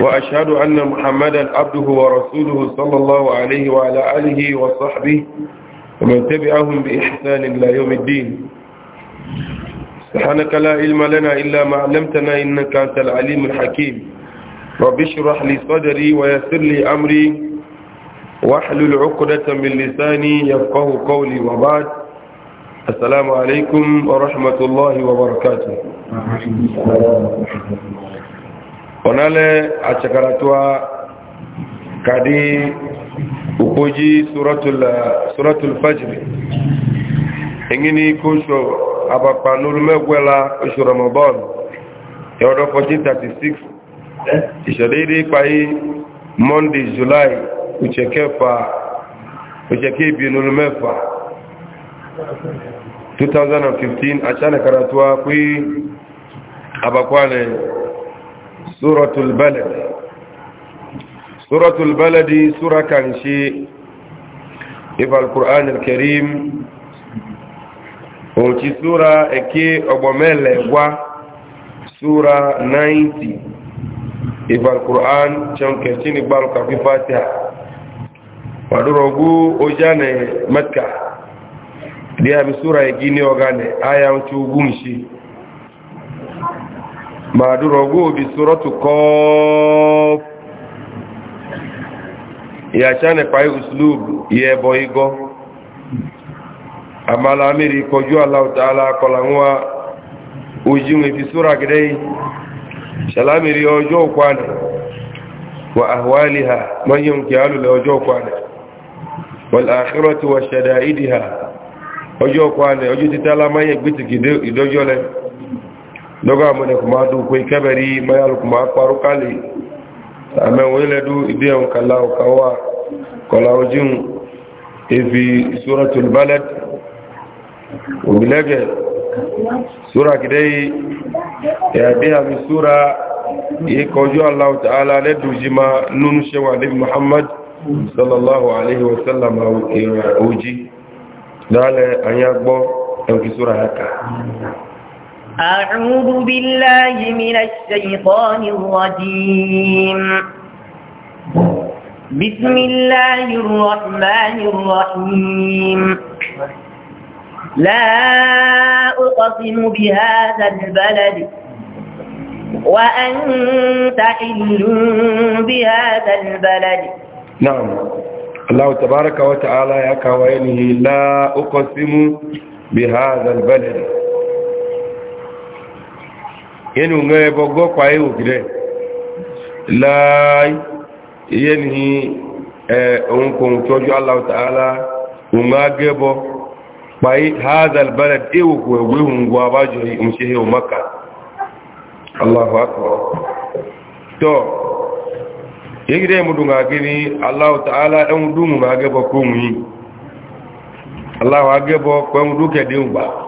وأشهد أن محمدا عبده ورسوله صلى الله عليه وعلى آله وصحبه ومن تبعهم بإحسان إلى يوم الدين سبحانك لا علم لنا إلا ما علمتنا إنك أنت العليم الحكيم رب اشرح لي صدري ويسر لي أمري واحلل عقدة من لساني يفقه قولي وبعد السلام عليكم ورحمة الله وبركاته onale achakaratuwa kadi ukoji suratul suratul fajr engini kusho abapanulu megwela ushu ramadan yodo 1436 ishadidi pai monday july uchekefa uchekebinulu mefa 2015 achana karatua kui abakwane suratul balad suratul baladi sura kan shi ifal qur'anul karim òtí súra ẹ̀kẹ́ ọgbọ̀mẹ́lẹ̀ wá súra 90 ìfàkùrán ṣankẹ̀ tí ní gbárùkà fífà tí a pàdúrọ̀gú ojánẹ̀ mẹ́kà dí àbí súra ẹ̀gí ní ọgánẹ̀ ayáwọn maaduro gobi suratu kof yachane pai uslub yebo igo amala amiri koju allah taala kolangwa ujinwe fi sura gidei shalamiri ojo kwane wa ahwaliha man yumkialu le ojo kwane wal akhiratu wa shadaidiha ojo kwane ojo titala maye gbiti doga mune kuma du koy kabari mayal kuma paru kali ame wele du idem kalaw kawa kolaw jin evi suratul balad ubilege sura kidai ya dia mi sura ye kojo allah ta'ala le dujima nun shewa nabi muhammad sallallahu alaihi wasallam e, uji dale anya gbo أعوذ بالله من الشيطان الرجيم بسم الله الرحمن الرحيم لا أقسم بهذا البلد وأنت حل بهذا البلد نعم الله تبارك وتعالى يا كوينه لا أقسم بهذا البلد yẹni òun ẹbọ gọ́kọ̀ ayé òkèrè láàáyí iye ni ohun kò ń tọ́jú aláwọ̀tàálá òun agẹ́bọ pàí hazel balad ewòkò ẹ̀wé òun gbọ́ abájọ ìmúṣẹ́ ihò ni aláwọ̀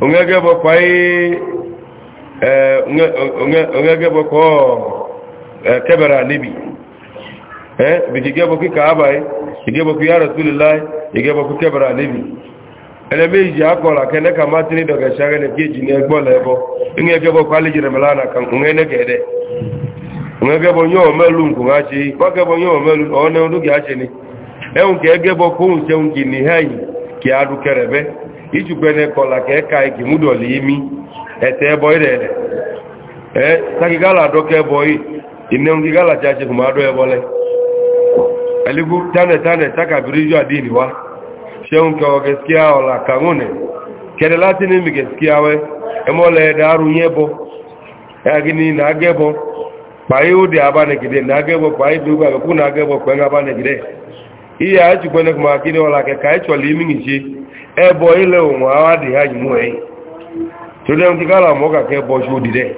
ongege boko ai eh ongege boko e, kebera nibi eh bigige boko kaaba eh ige boko ya rasulullah ige boko kebera nibi ele meji akola kene kama tini doga shagene pieji ne gbola ebo ngege boko ali jire melana kan ngene gede ngege bo nyo melu ngu achi ngege bo nyo melu one onugi achi e, ni ehun ke ege boko un se un gini hayi ki adu kerebe ijugbene kọla kẹka ike múdọ̀lì imi ẹ̀tẹ́ ẹbọ ilẹ̀ rẹ̀ ẹ́ e, takigala dọ́kẹ́ ẹbọ yìí ìnẹ́un gígala tí a ṣe kùnmọ́ adọ́ ẹbọ lẹ́ ẹ̀lẹ́gbú tánẹ̀tánẹ̀ takàbírí yóò àdí ìníwá ṣeun kẹwọ gẹ̀ẹ́sìkíá ọ̀la kàngúnẹ̀ kẹrẹ láti ní mi gẹ̀ẹ́sìkíá wẹ́ ẹmọ́lẹ̀ ẹ̀dà arun yẹ́ e, bọ ẹ̀gini nàágẹ́bọ pàyé ó dé abánẹ̀gẹ̀dẹ̀ nàágẹ́bọ pàyé bí gbàgbẹ́kú nàágẹ́bọ pẹ̀lú abánẹ̀gẹ̀dẹ̀ iye àìjùgbọ́nẹ̀kùnmọ́ akíní ọ̀la kẹka ẹ̀ṣọ̀lẹ̀ ìmìnìṣe ẹbọ ilẹ̀ òun àwádìí àyìmú ẹ̀yìn tó lẹ́yìn kí kálà mọ́ kàkẹ́ bọ́ ṣe òdìdẹ́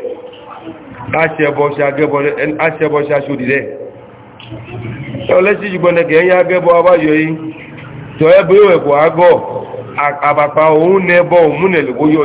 aṣẹ́bọ́ ṣe aṣòdìdẹ́ ọlẹ́sí jùgbọ́nẹ̀ kẹ́ yá gẹ́bọ́ abáyọ yìí tọ́ ẹbọ yóò agọ́ àbàpá òun nẹ́bọ́ òmúnẹ̀lẹ́kó yóò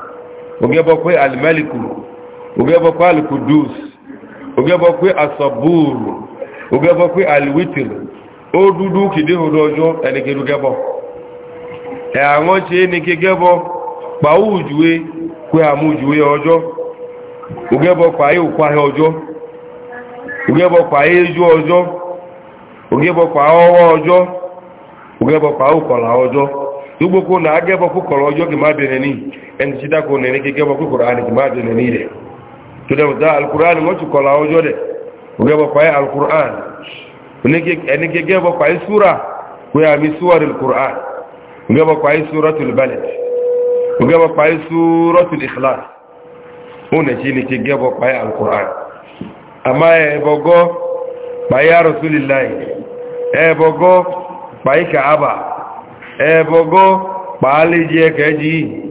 ogebo kwe almaliku ogebo kwe alkudus ogebo kwe asabur ogebo kwe alwitir o dudu kide hodojo enikedu gebo e awon che enike gebo pa ujuwe kwe amujuwe ojo ogebo kwa ye ukwa he ojo ogebo kwa eju ojo ogebo kwa owo ojo ogebo kwa ukola ojo gbogbo ko na agebo kukọrọ ọjọ́ kìí má bèèrè ní ẹni tí dákò nẹni kéké bọ́ kúránì kì máa dùn nẹni rẹ̀ tó dẹ̀ dá alkùránì wọ́n ti kọ̀lá ọjọ́ dẹ̀ ògẹ́ bọ́ pàyẹ alkùránì ẹni kéké bọ́ pàyẹ súra kó yà mí súwárì alkùránì ògẹ́ bọ́ pàyẹ súra tùlù balẹ̀ ògẹ́ bọ́ pàyẹ súra tùlù ìkìlá òun nẹ̀ tí ni jẹ́ kẹ́jì yìí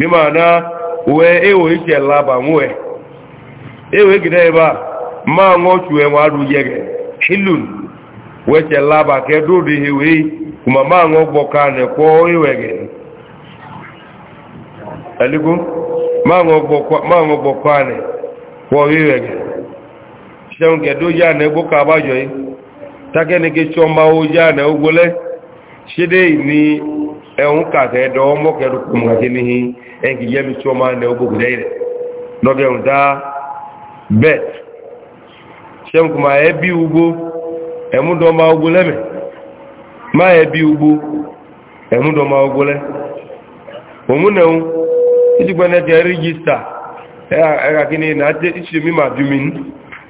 bí na wee wẹ́ èwò ìṣẹ̀ lábà ń wẹ̀ èwò ìgìdẹ́ ìbá máa ń ọ̀ṣù ẹ̀wọ̀n adùn yẹ̀gẹ̀ hìlùn wẹ́ṣẹ̀ lábà kẹ́dóde ìwé kùmà máa ń ọgbọ̀ ká nẹ̀kọ́ ìwẹ̀gẹ̀ ẹ̀lígún máa ń ọgbọ̀ ká nẹ̀kọ́ ìwẹ̀gẹ̀ ní ẹ̀hún ẹnkì yẹlu tí ọmọ ẹnẹ ogbogbo rẹ̀ rẹ̀ lọ́gẹ̀rún dá bet ṣẹ́nkùnmá ẹbí ugbo ẹ̀múdọ́mà ugbo lẹ́mẹ̀ má ẹbí ugbo ẹ̀múdọ́mà ugbo lẹ́ òmúnẹ̀hún ìdígbẹ́nẹ́kẹ́ rígísítà ẹ̀ka kí ni ìṣèmí màdúmí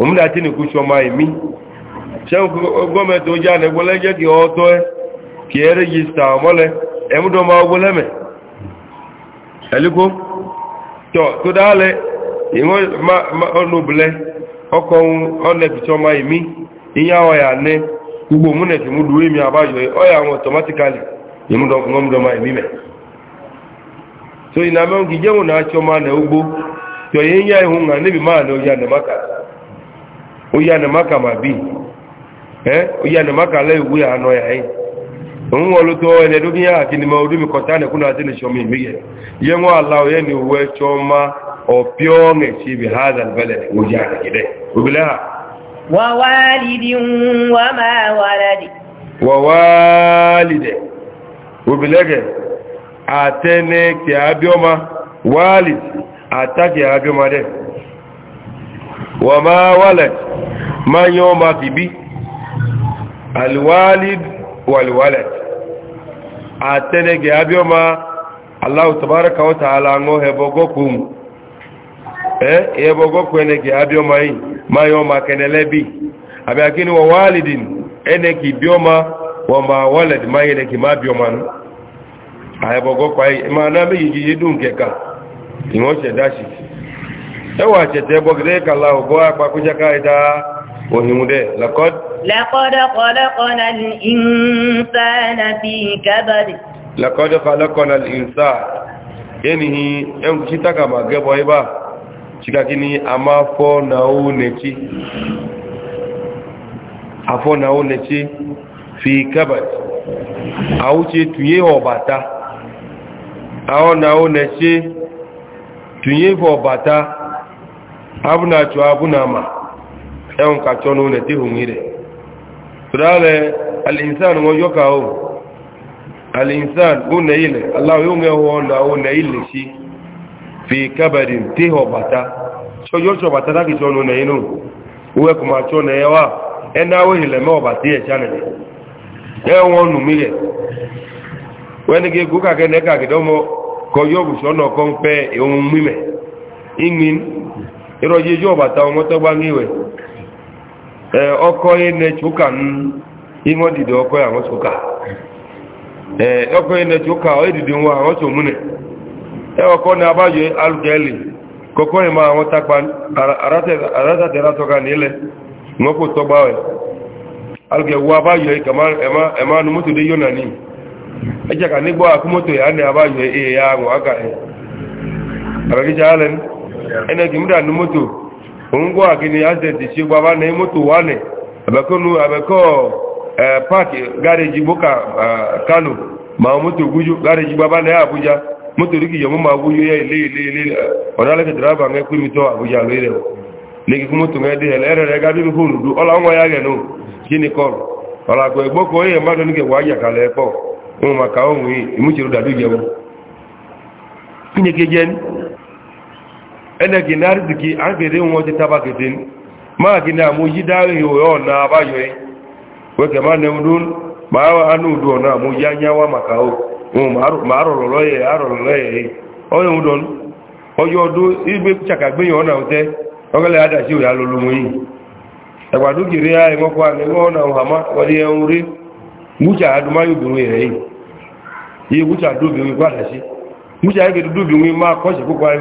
òmúnẹ̀ àti nìkú ṣọmọ ẹ̀mí ṣẹ́nkùnmá gọ́ọ̀mẹ̀tì ó já ẹ̀nẹ́gbọ́lẹ́jẹ́ kí ọ ẹ̀lúkó tọ́ tó dáálẹ̀ ìwọ́n ma ọkọ̀ ohun ọ̀nẹ̀bìtì ọmọ ìmí ìyá ọ̀yà ní gbogbo múnẹ̀tì mú dúró èmi àbáyọ ọ̀yà àwọn automatically ìmúdọ̀mọ̀ ìmí mẹ́ so ìnà mẹ́rin kì òun wọ́n ló tó ẹni ẹdógún yára kí ni mọ́ orí mi kọta ní kúnnà àti ìṣọ́ mi ìmìyẹ yẹ wọ́n aláwọ̀ yẹ́ ni wọ́n ẹ̀ṣọ́ ma ọ̀pẹ́ ọ̀nà ṣe ibi hádà bẹ̀lẹ̀ òjì àrẹ̀gẹ̀dẹ̀ obìnrin ha. wàwálìdì obìnrin àtẹnẹkẹ abíọ́mà wálìdì àtàkẹ abíọ́mà dẹ̀ wà máa wálẹ̀ máa yọ́ ma fìbí alwálìdì wàlúwálẹ̀ atenege abioma allahu tabaraka wa ta'ala ngo hebogo kum eh hebogo kwenege abioma yi mayoma kenelebi abi akini wa walidin eneki bioma wa ma walad mayeneki mabioma no ayebogo kwai mana me yiji dunkeka ingo chedashi ewa chete bogre kallahu go akwa kujaka ida òhun dẹ̀ lẹ́kọ́d. lẹ́kọ́dọ̀ kọlọ́kọ́nà ìnsánà fi kábàdì. lẹ́kọ́dọ̀ kọlọ́kọ́nà ìnsá yẹ́nìí ẹnkù sí takàmà gẹ́bọ̀ ibà ṣíkàkí ni a máa fọ́ náà nẹ̀tí afọ́ náà nẹ̀tí fi kábàdì àwúṣe tùyé ọ̀bàtà àwọn náà nẹ̀tí tùyé ọ̀bàtà abúnàtù abúnàmà ẹ̀wọ̀n kàtsọ́ ní ọ̀nà tí hùn yìí rẹ̀. tùdáàlẹ̀ alìsàn wọn yọ́ka o alìsàn ọ̀nà ilẹ̀ aláwọ̀ yóò mẹ́wọ́ ọ̀nà ọ̀nà ilẹ̀ sí fi kábàdì tí họ bàtà ṣọ́jọ́ ṣọ bàtà láti ṣọ́ ọ̀nà inú wọ́n kò máa ṣọ́ ọ̀nà ẹ̀ wá ẹ̀nà awé ilẹ̀ mẹ́wọ̀ bàtà ẹ̀ ṣánẹ̀ ẹ̀wọ̀n nù kan pẹ́ ìhun mímẹ̀ ìgbín ìrọ̀jẹ́jọ́ bàtà ọmọ tọ́gbà ń yíwẹ̀ ee ọkọ na-eche ụka ihe ọkọ ya ahụcha ụka ọkọ na-eche ụka edidi nwa ahụcha omune ọkọ na-agbajọ alụgeli ma ahụta aratatịratọga na ile nwekwa ụtọ gbawe alụgewu agbajọ ka emanụ moto dị yona n'ihi eche ka n'igbo akụ ya na agbajọ ihe ya ahụ agaghị abagịcha alen enegi anụ moto n gịnị azeti chi gbaba na moto wane abekonu abeko ee paaki gareji gboka e, kano ma moto guju gariji gbaba ya abuja moto rigi ma guju ya ile ile ile ọdaleke draba nga ekwe mito abuja lo ile legi moto nga dị hele gari gabi ọla nwa ya ọla onye ekpọ ụmụ maka onwe ene gị na arziki a ga-ede nwa taba ma gị na-amụ yi daghị oyo na e. abayọghị weke ma na ma anụ e, e udo na ya maka ma ya arụrụrọ yi. onye udon onye ọdụ igbe ọ na-ute ogele adachi oyi alụlụ nwenyi agbado giri ya enwekwa enwe na nha ma wani ihe nri gwucha adụmanya ya nwe gwadachi gwucha ya ga ya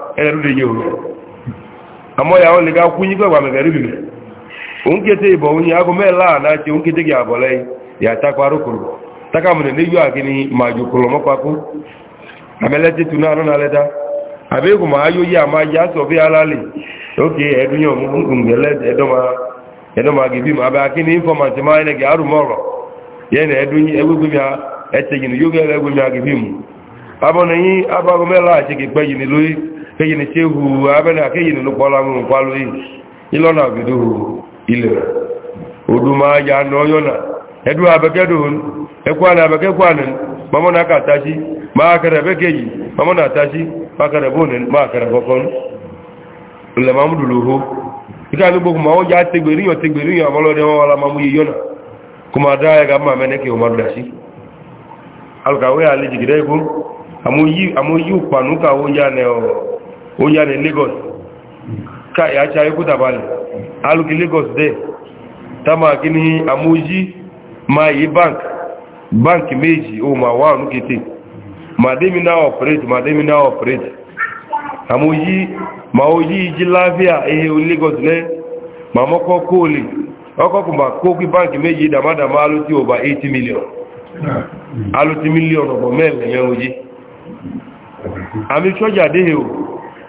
ẹ̀rù lè yẹ òun àmọ́ ìyàwó lè ká kú yígbà gbàmẹ̀gẹ̀ rí bìbẹ̀ òun kété ìbọ̀ òun yìí aago mẹ́ẹ̀lá àná ṣe òun kété kí àbọ̀lẹ́ ìyàtàkọ arókòrò tákàmùnẹ̀ ní yóò àkíní màjò kòrò mọ́pakú àmẹ́lẹ́tì tún náà ma yí àmá yá sọ bí alálẹ̀ kéyìn ní ṣe hù abẹ́lẹ̀ kéyìn ní lọ́pọ̀ láwọn olùpálọ́ yìí ìlọ́nà àbìdó ilẹ̀ odò ya nà ọyọ́nà ẹdú abẹ́kẹ́dò ẹkú àná abẹ́kẹ́kú àná mọ́mọ́ náà kàtà sí máa kẹrẹ bẹ́kẹ́ yìí mọ́mọ́ náà tà sí máa kẹrẹ bóòní máa kẹrẹ kọ́kọ́n ilẹ̀ máa ń dùn lóhó ìka ní gbogbo máa ń ya tẹgbẹ̀ríyàn tẹgbẹ̀ríyàn àmọ́lọ́dẹ wọn wala ó yá ní lagos káyà àti ayókúta balẹ̀ alùkí lagos dẹ̀ tamá kí ní amójí máa yí bank bank méjì ó máa wà ní kété màdémi náà operate màdémi náà operate amójí ma ó yí ìjí láfíà ehe ó lagos lẹ́ ma mọ́kọ́ kóòlì ọkọ̀kùn bá kó kí bank méjì dàmádàmá alótí over 80 million alótí million ọ̀pọ̀ mẹ́rin ẹ̀yẹn ojí àmì sọ́jà déhe o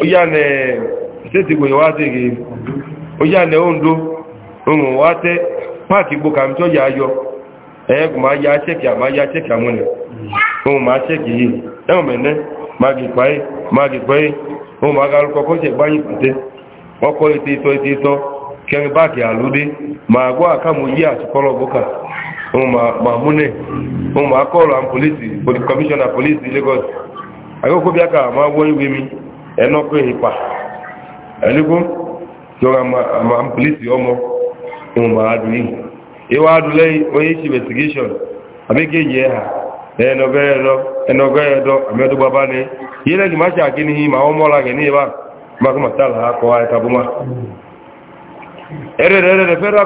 oyane steeti gwenye wate gị oyane paaki gbo ka m chọ ya ayọ e ma ya cheki ma ya cheki àmúnẹ ohun ma cheki yìí ẹwọ̀n mẹ́nẹ́ magi pàí magi pàí ohun ma garukọ kọ́ ṣe gbáyìn pàtẹ́ ọkọ̀ ètò ìtọ́ ètò ke kẹrin ma gbọ́ ohun ma ohun ma polisi commissioner police lagos aka ma wọ́n ìwé mi ẹnọ́kọ́ ìpa ẹnigún tí wọ́n ma ń pìlìtì ọmọ ohun ma yìí ìwà lẹ́yìn onye ṣe investigation àmẹ́kẹ́yẹ ẹ̀hà ẹnọgọ́ ẹ̀dọ́ àmẹ́dọ́ bàbá ní yìí lẹ́yìn máa ṣe àkíní ma ọmọ ọlá gẹ̀ẹ́ ní ìbá makamátàlá akọ ẹ̀tàbọ́má ẹ̀rẹ̀rẹ̀rẹ̀ federal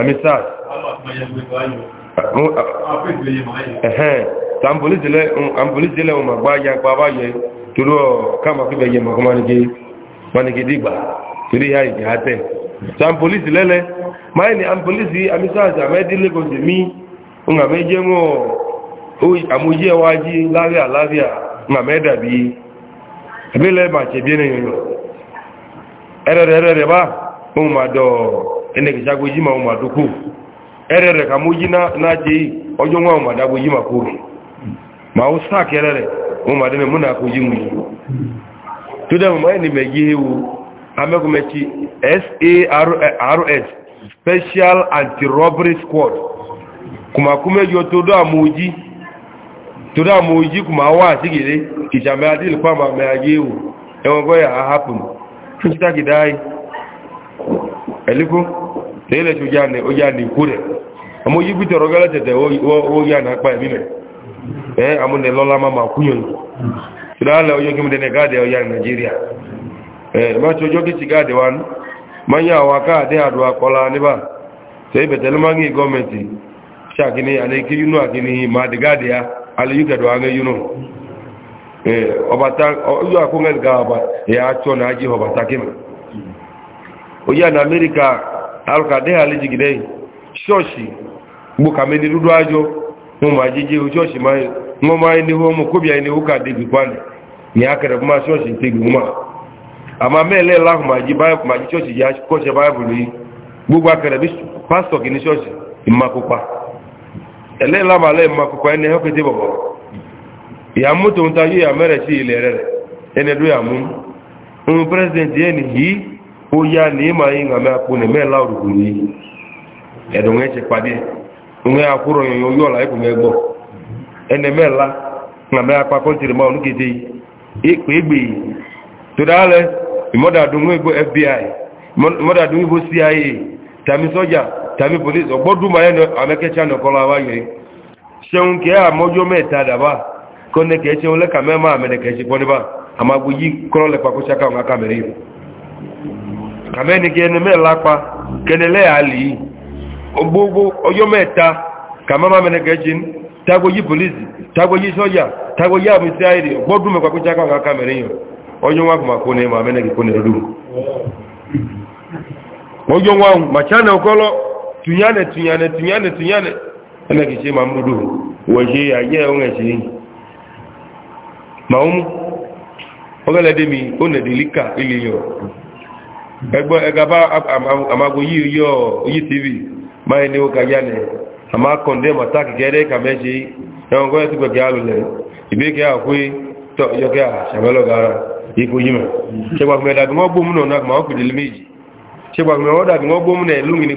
àmì sars tamboli tele amboli tele o ma gba ya gba ba ye toro ka ma fi be ye ma ko ma ni ki ma ni ki digba tori ya ije ate tamboli tele le mai ni amboli si amisa ja me dile ko je mi nga me je mo o amoje wa ji lavia lavia nga me da bi ebe le ma che bi ni yo ere ere ere ba o ma do ene ki ja go ma o ma do ku ẹrẹ rẹ ka mo yi na je ọjọ wọn ma dabo yi ma ko mi ma o sa kẹrẹ rẹ mo ma dẹ mi mo na ko yi mu ẹni mẹ ewu amẹkumẹti sars special anti-robbery squad kumakumẹ yọ to do amoji to do amoji kuma wa asigide ìjàmbá adìl pàmò àmì ayé ewu ẹwọn tẹ́lẹ̀ tó já ní ọjá ní ikú rẹ̀ ọmọ yìí pítẹ̀ rọgẹ́lẹ̀ tẹ̀tẹ̀ ó yá ní apá ẹ̀mí rẹ̀ ẹ́ àmúnẹ̀ lọ́lá máa máa kúnyọ̀ ní ṣílálẹ̀ ọjọ́ kí mẹ́tẹ̀ gáàdẹ̀ ọjá ní nàìjíríà ẹ̀ máa tí ọjọ́ kí ti gáàdẹ̀ wa ní máa yá àwọn akáàdẹ́ àdúrà kọlá níbà tẹ́lẹ̀ bẹ̀tẹ̀ ló máa ń gọ́ọ̀mẹ̀ntì ṣàkíní àlẹ́kí yúnú àkíní màdì gáàdẹ̀ ya alẹ́ yúkẹ̀dọ̀ àwọn yúnú ọbàtà amẹ́ríkà alùkàdé àlejìgìdẹ́ yìí ṣọ́ọ̀ṣì jigide ní dúdú ájọ́ wọn máa jíjẹ́ o ṣọ́ọ̀ṣì máa wọ́n máa ní ọmọ kóbi àìní ó kàdé gbìpánì ní akẹrẹ fún máa ṣọ́ọ̀ṣì ti gbìmọ̀ máa àmà mẹ́lẹ̀ láhùn máa jí ṣọ́ọ̀ṣì yá kọ́ṣẹ́ báyìbùlù yìí gbogbo akẹrẹ bí pásítọ̀ kì ní ṣọ́ọ̀ṣì ó yá ní ìmọ̀ yìí ngàmẹ́ àpònẹ̀ mẹ́ẹ̀lá òrùkù ní ẹ̀dùn ẹ̀ṣẹ̀ pàdé òun àkúrò yòyò yóò láì kò mẹ́gbọ́ ẹnẹ mẹ́ẹ̀lá ngàmẹ́ apapọ̀ tìrì máa oníkété ìpè égbè tó dáálẹ̀ ìmọ́dàdún ìbò fbi ìmọ́dàdún ìbò cia tàmí sọ́jà tàmí polisi ọgbọ́dúnmọ̀ ẹnu amẹ́kẹ́chá nìkọlá wáyé ṣeun kẹ́ àmọ́jọ́ mẹ́ta dàbà kọ́nẹ́kẹ́ ṣeun lẹ́kà mẹ́mà àmẹ́rẹ́kẹ́ ṣe pọ́níbà àmàgbò yí kọ́lọ́lẹ̀ àmẹ́ni kí ẹni mẹ́ẹ̀ lápá kẹnilẹ́ àlì gbogbo ọjọ́ mẹ́ta kàmáma mẹ́ni kẹ́jìn tágbó yí polisi tágbó yí sọ́jà tágbó yí àmì sáyẹ̀dì gbọ́dún mẹ́kọ̀ kó jákọ̀ kàkà mẹ́rin yàn ọjọ́ wọn kò máa kó ní ẹmọ amẹ́ni kí kó ní ẹrú ọjọ́ wọn màchánà ọkọ́lọ́ tùnyánẹ̀ tùnyánẹ̀ tùnyánẹ̀ tùnyánẹ̀ ẹmẹ́ kì ẹgbọ́ ẹgaba amago yí yọ oyí tv máa ní ó kàjá nẹ àmá kọ̀ndẹ́mù àtàkì kẹ́rẹ́ kàmẹ́ṣe ẹwọn kọ́ ẹ̀sùn pẹ̀kẹ́ alùlẹ̀ ìgbékẹ́ àkúé tọ́ yọkẹ́ àṣàmẹ́lọ́gara ipò yìí mọ̀ ṣẹgbàgbẹ́ dàbí wọ́n náà méjì ṣẹgbàgbẹ́ wọ́n dàbí wọ́n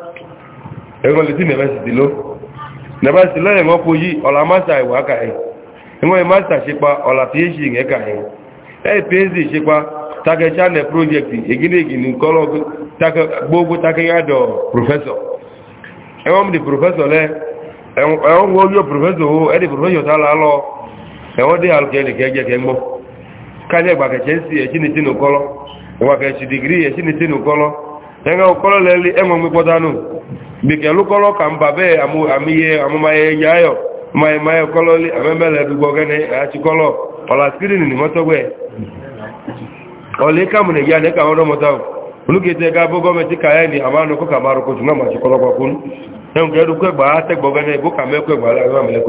ẹ̀rọ lè tí nẹ̀bẹ̀sìtì ló nẹ̀bẹ̀sìtì lọ́yẹ̀ wọ́n kó yí ọ̀là máṣà ìwà kàí ẹ̀wọ́n máṣà ṣepa ọ̀là tí èṣì ìyẹn kàí ẹ̀ psd e, e, e. e takẹ̀ṣánẹ̀ project egínegìní kọ́lọ́ gbogbo takẹ̀yàdọ̀ professor ẹ̀wọ́n di professor ẹ̀wọ́n wọ́n yóò bìkẹ́ ló kọ́lọ́ kà ń bà bẹ́ẹ̀ àmúyẹ àmúmayẹ yáyọ̀ mayẹmayẹ kọ́lọ́ lé àmẹ́mẹ́lẹ̀ dùgbọ́ gẹ́nẹ́ àti kọ́lọ́ ọ̀là sírìnì ni mọ́tọ́gbẹ́ ọ̀lẹ́ kàmùnẹ̀ yá nẹ́ka ọdọ́ mọ́tà olùkètè ká bó gọ́mẹ̀tì kàyà ní àmánu kọ́kà márùn kò túnmọ̀ àti kọ́lọ́ kọ́kún ẹ̀hùn kẹ́rù kẹgbà tẹ́gbọ́ gẹ́nẹ́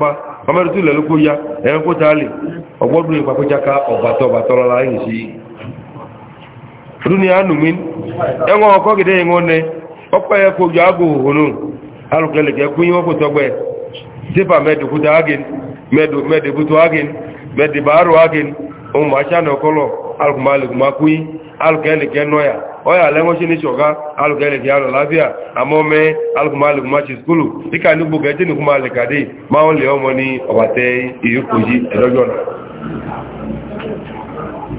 bó ọmọdé tó lẹ́lú kó ya ẹ̀rọ kó tààlì ọgbọ́dún ìpapójáká ọ̀bàtọ̀ ọ̀bàtọ̀ lọ́la yìí sí dúnìá nùmí ẹwọ́n ọkọ́ gẹ̀dẹ́ ìwọ́n nẹ ọpẹ́ ẹkọ ojú agò òhònú alùkẹlẹ̀kẹ́ kú yíwọ́n kò tọgbẹ́ tífà mẹ́dẹ̀kúta ágin mẹ́dẹ̀bútó ágin mẹ́dẹ̀bárò ágin ohun macha na ọkọlọ alùkùnmálùkùnmákúí alùkẹ́lẹ̀kẹ́ nọ́yà ọyà lẹ́wọ́n ní ṣọ̀gá alùkẹ́lẹ̀kẹ́ alùlábíà àmọ́mẹ́ alùkùnmálùkùnmáṣe skúlù díkà ní gbogbo ẹjẹ́ nìkú máa lẹ̀kàdé máa ń lè ọmọ ní ọ̀bàtẹ́ ìyókòjí ẹ̀lọ́jọ́ náà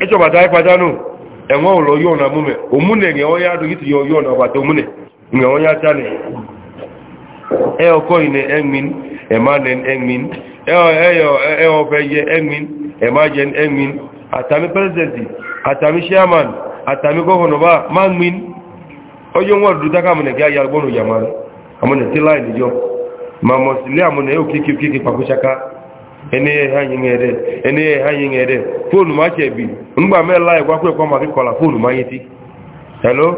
ẹjọ́bàtà ìpàdánù ẹ̀wọ́n ò lọ yẹ emergent emin atami president atami chairman àtàmì ba bá manwin ọjọ́ wọn dúdú dákà mọ̀nà kí a yà gbọ́nà yàmà àmọ́nà tí láì níjọ ma mọ̀ sílé àmọ́nà yóò kíkí kíkí pàkúṣaká ẹni ẹ̀há yìí ẹ̀dẹ̀ fóònù fon tẹ̀ bí nígbà mẹ́lá ẹ̀kwákú ẹ̀kwá máa kíkọ̀lá fóònù máa yé tí hello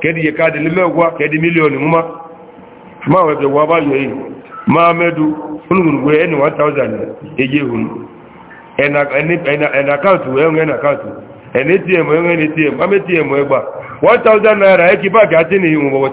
kedi ye kadi ni mewa kedi milioni muma ma we be waba yo yi ma medu unun we 1000 eje hun en en en account we en account 1000 naira e ki ba ga tin yi mo bo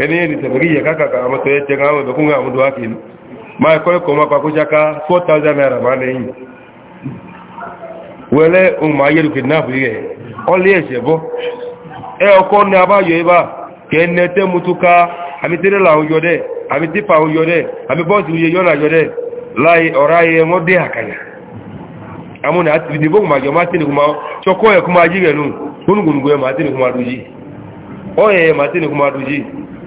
ẹni ẹni tẹ̀fẹ̀rí yẹ kákàkà àwọn yẹ jẹun àwọn ìbẹ̀kún àwọn ọdún wákìí máa kọ́ ẹ̀kọ́ máa pàkó jáká 4,000 naira máa lẹ́yìn ẹ ọkọ́ ní láì ọ̀rá yẹ wọ́n dé àkàyà àmúnà àti ìdìbò màjọ máa tẹ́lẹ̀ kúmá ṣọkọ́ ẹ̀kú máa rẹ̀ nù ẹ̀ máa ẹ̀ máa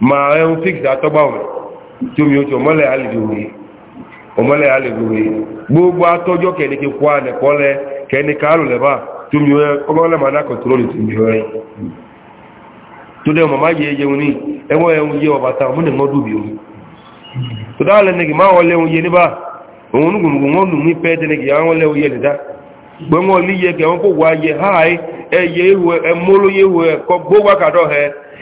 ma ẹun fíkì àtọ́gbà ọ̀mẹ́ tí omi oṣù ọmọlẹ̀ alìdòwòye ọmọlẹ̀ alìdòwòye gbogbo atọ́jọ́ kẹ́nìkẹ́ kọ́ ànẹ̀kọ́lẹ̀ kẹ́nìkẹ́ alùlẹ̀bà tí omi ọmọlẹ̀ ma náà kọ̀tọ́rọ̀ wọn ní pẹ́ dẹ́nìkì àwọn lẹ́ òun yẹ lẹ́dá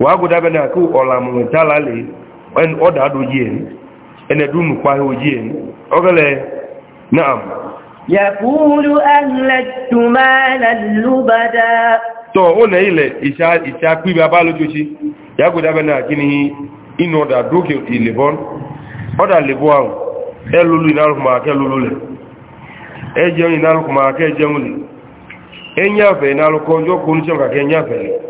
wàá gùn dábẹ́ náà kí ọ̀làmù ìtàlá lè ọ̀dà àdójì ẹ̀ ẹni ẹ̀dùnmù pàhẹ́ òjì ẹ̀ ọ̀gẹ́lẹ̀ náà. yàkúlù ahlẹ̀tùmá lálùbàdà. tọ́ ó nà ilẹ̀ ìṣà pípẹ́ abálójóṣi yàá gùn dábẹ́ náà kí ni inú ọ̀dà dókè ìlẹ̀bọ́n ọ̀dà lẹ̀bọ́ àwọn ẹ lulu lulu ẹ jẹun jẹun ẹ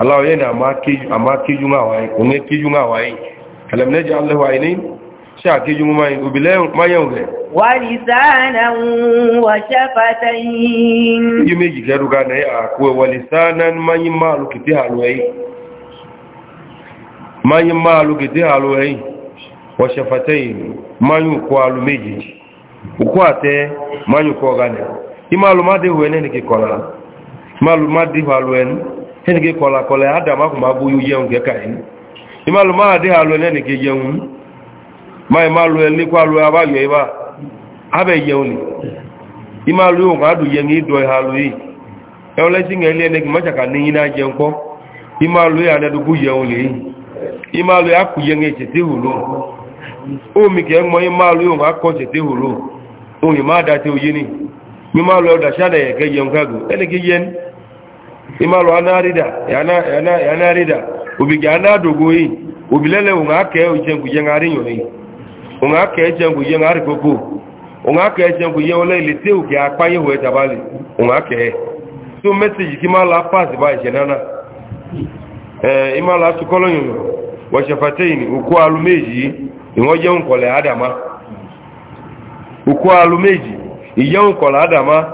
Allah yana amma kijun awaye kunye kijun awaye anyị naji Allah wa a sha kijun mai ubilayen mayan ga wa lisanan wa yi meji ga na ya akwai wa lisanan mayin malu kiti halwaye mayin malu kiti wa mayin alu meji ko ate mayin gane ma de huene ni kikola malu ma ẹnìkẹ́ kọlakọlẹ̀ adam akùnmà bú yóò yẹun kẹka yìí ìmàlù máa dé àlọ́ ẹnìkẹ́ yẹun máa ìmàlù ẹlẹ́kọ́ àlọ́ abáyọ̀ ibá abẹ́ yẹun ni ìmàlù yóò kàádù yẹun ìdọ̀ ma yìí ẹwọlẹ́sí ẹlẹ́ ẹnìkẹ́ mọ́sàkà ní yín náà jẹun kọ́ ìmàlù yà nẹ́dùkú ni imalu anarida yana yana yanarida ubige anadogoi ubilele ungake uchenguje ngarinyo ungake uchenguje ngari koko ungake uchenguje ole lite uke apaye we jabali ungake so message kimala pass ba jenana eh imala tukolonyo washafateni alumeji adama alumeji adama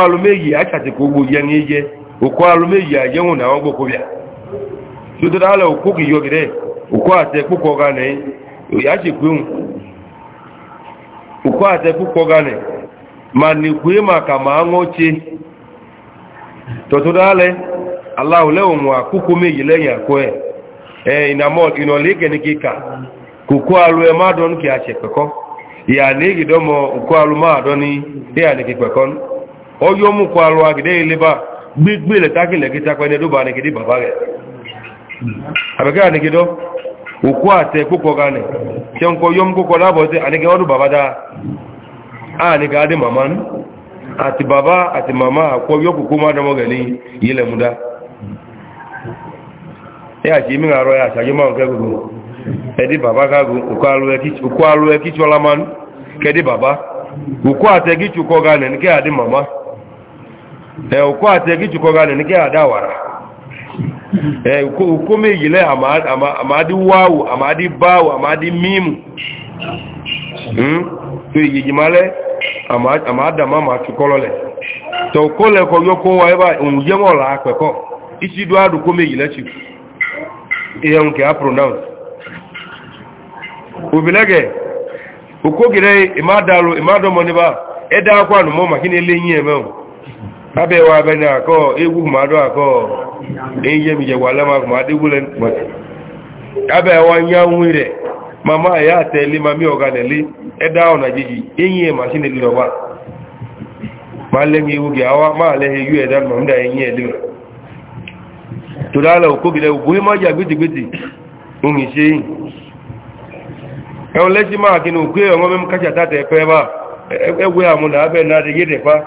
alumeji òkú alómé yìí àyẹ́wò náà wọ́n gbókó bíà tó tó dáálẹ̀ òkú kìí yọgìdẹ́ òkú àtẹ púpọ̀ ganẹ̀ òyà ṣe pé òun òkú àtẹ púpọ̀ ganẹ̀ ma ní pé ma kà máa ń ọ́ṣe tọ̀tọ̀ dáálẹ̀ aláwọ̀lẹ́ òun àkókò méjì lẹ́yìn àkó ẹ̀ ẹ̀ ìnàlẹ́ kẹ́nìkẹ́kà kòkó alú ẹ má dọ́nù kí a gbígbé lẹ̀ tákìlẹ̀ kí tápẹ́ ní ẹdóbà ní kìdí bàbá rẹ̀ àbẹ̀kẹ́ àníkìdọ́ òkú àtẹ kókọ ganẹ̀ tí ó ń kọ yọ́m kókọ lábọ̀ tẹ́ àníkẹ́ ọdún bàbá dáa àníkẹ́ adé màmá ní àti bàbá àti màmá àkọ́ yọ́kùkú má dámọ́ rẹ̀ ní ilẹ̀ múdá ẹ àti mí àrọ ẹ àṣàjọ máa ń kẹ́ gbogbo ẹdí bàbá kágo òkú alú ẹ kíṣọ́ ee ụkọ ate gị jikọga na nke adawara ee ụkọ meyile amadi wawu amadi bawu amadi mimu to hmm? yijimale amadama ma tukọlọlẹ to ụkọ lẹkọ yọkọ wa ebe onwuje m ọla akpẹkọ isi du adụ ụkọ meyile chi a pronounce obilege ụkọ gịrị imadalu imadomoniba ede akwa nụ mọ maka na abe wa abe na akọ egwu mmadụ akọ ihe mije gwala ma mmadụ gwule abe wa nya nwere mama ya ma mami ọganeli ede ahụ na jiji inye mashin eliri ọba ma lenye iwu gị awa ma aleghe iwu ede ma mda enye eliri ẹwọ kí òkú ẹ̀ ọmọ pẹ́ bá ẹgbẹ́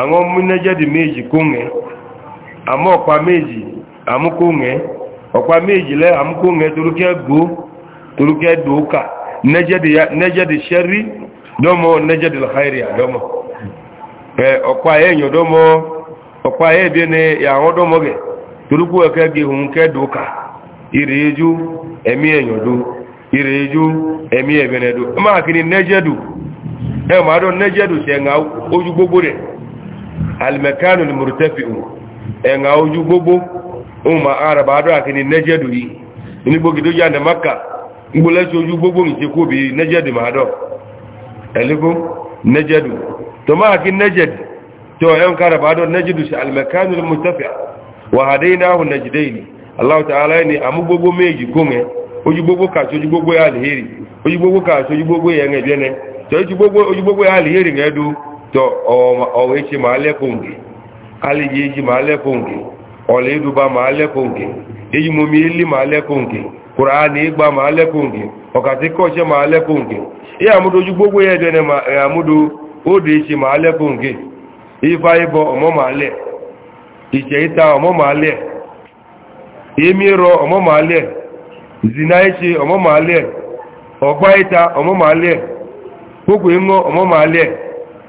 àwọn múnẹ́jẹ́dì méjì kóńgẹ́ àmọ́ ọ̀pá méjì àmúkóńgẹ́ ọ̀pá méjì lẹ́ àmúkóńgẹ́ torúkẹ́ gbó torúkẹ́ dòókà nẹ́jẹ́dì sẹ́rí dọ́mọ nẹ́jẹ́dì lọ́háìrì àdọ́mọ ọ̀pá ẹ̀yàn dọ́mọ ọ̀pá ẹ̀bí ni àwọn dọ́mọ almekanu murtafi'u ẹ̀ngà ojú gbogbo ohun ma araba adọ́ àti ní nẹ́jẹ̀dù yìí ní gbogbo tó yà ní maka gbólẹ́sí ojú gbogbo ìṣekú bí nẹ́jẹ̀dù máa dọ̀ ẹ̀lẹ́kọ́ nẹ́jẹ̀dù tó máa kí nẹ́jẹ̀dù tó ẹ̀hún káraba adọ́ nẹ́jẹ̀dù sí almekanu murtafi'u wà hàdé iná ahùn nẹ́jẹ̀dẹ̀ yìí aláwọ̀ta ara ẹni àmú gbogbo méjì kó yẹn ojú gbogbo kà sí ojú gbogbo yà lè hèrè ojú gbogbo kà sí ojú gbogbo yẹn ẹ̀bí ẹnẹ tọ ọwọ echi ma alẹpọ nke alẹji eji ma alẹpọ nke ọla eduba ma alẹpọ nke eji eli ma alẹpọ nke kura na ịgba ma alẹpọ nke ọkatị kọchẹ ma alẹpọ nke ihe amụdo ojugbogbo ya edene ma amụdo odo echi ma alẹpọ nke ife ịbọ ọmọ ma alẹ iche ịta ọmọ ma alẹ emi rọ ọmọ ma alẹ zina echi ọmọ ma alẹ ọgba ịta ọmọ ma alẹ kpokwe ṅụọ ọmọ ma alẹ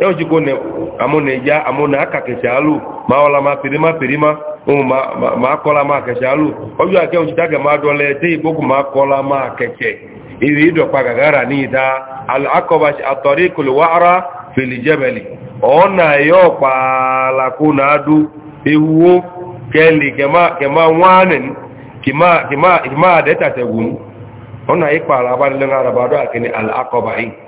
yau ji kone amuna ya amuna alu ma ma firima firima ohun ma kola ma kashe alu ojú ake ojú daga ma dole te ibogun ma kola ma iri idokpa gagara ni ita al'akoba atori kulwara filijebeli ọna yọ pààlàkú na adu ewuwo kẹlì kẹma wánìn kìma àdẹ́tàtẹ̀gùn ọna yí pààlà abánilẹ́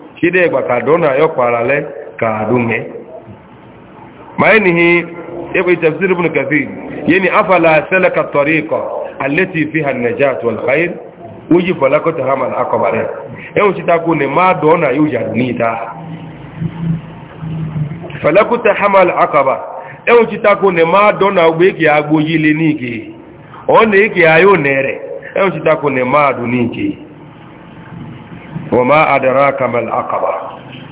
chide gbakado na kwalala ka dume ma enihi ebe tafsir ibn kathir yani afala salaka tariqa allati fiha an-najat wal khair uji falakata hamal akbare e uji ne ma hamal akaba e uji taku ne ma do na ki agbo yile niki o ne ki ayo nere e uji ne ma wa ma adara kamal akaba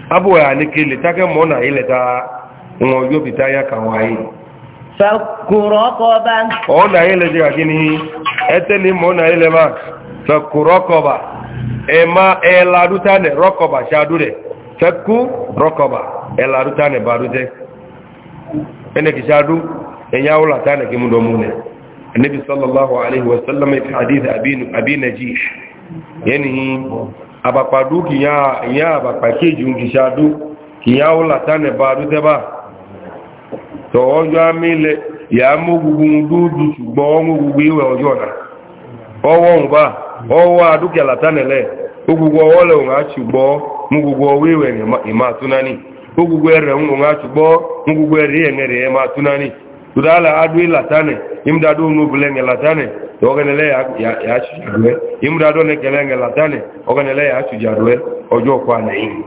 abu ya ni kele take mona ile ta won yo bi ta ya kan waye fakurokoba ona ile je akini eteni mona ile ma fakurokoba e ma e la duta ne rokoba shadu de fakku rokoba e la duta ne barute ene ki shadu en ya wala ta ne ki mundo mune النبي صلى الله عليه وسلم في حديث أبي, أبي نجيح يعني abakpadu kìyà ìyà abakpa kéjì ń kìṣà dú kìyà ó látánẹ̀ bá dú tẹ́bà tọ́ ọjọ́ amílẹ̀ ìyà mú dúdú ṣùgbọ́n ọmú ìwẹ̀ ọjọ́ ọ̀nà ọwọ́ ń ọwọ́ adúkẹ̀ látánẹ̀lẹ̀ gbogbo ọwọ́ lẹ̀ òun àṣùgbọ́ mú ọwọ́ ìwẹ̀ tudala adwe latane imdado nu bulenge latane ogenele ya ya chijadwe imdado ne kelenge latane ogenele ya chijadwe ojo kwa na yin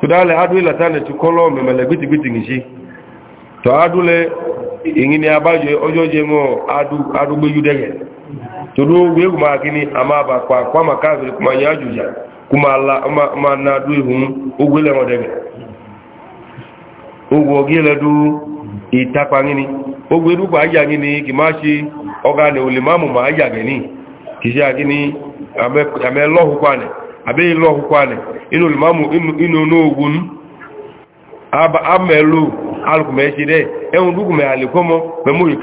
tudale adwe latane tukolo memele biti biti ngishi to adule ingini abajo ojo jemo adu adu gbejudege todo we kuma kini amaba kwa kwa makazi kuma yajuja kuma la ma na du ihun ogwele wodege ogwo gele du ìtapa ngini gbogbo irúgbà ayà ngini kì máa ṣe ọgá ní olè máa mú ma ayà ní kì ṣe ní àmẹ́ lọ́hùkwá nẹ̀ àbẹ́ ìlọ́hùkwá nẹ̀ inú olè máa mú inú onóògùn àmẹ́lò alùkùnmẹ́ ṣe dẹ́ ẹ̀hùn dúkùnmẹ́ àlèkọ́mọ́ pẹ̀mú ogun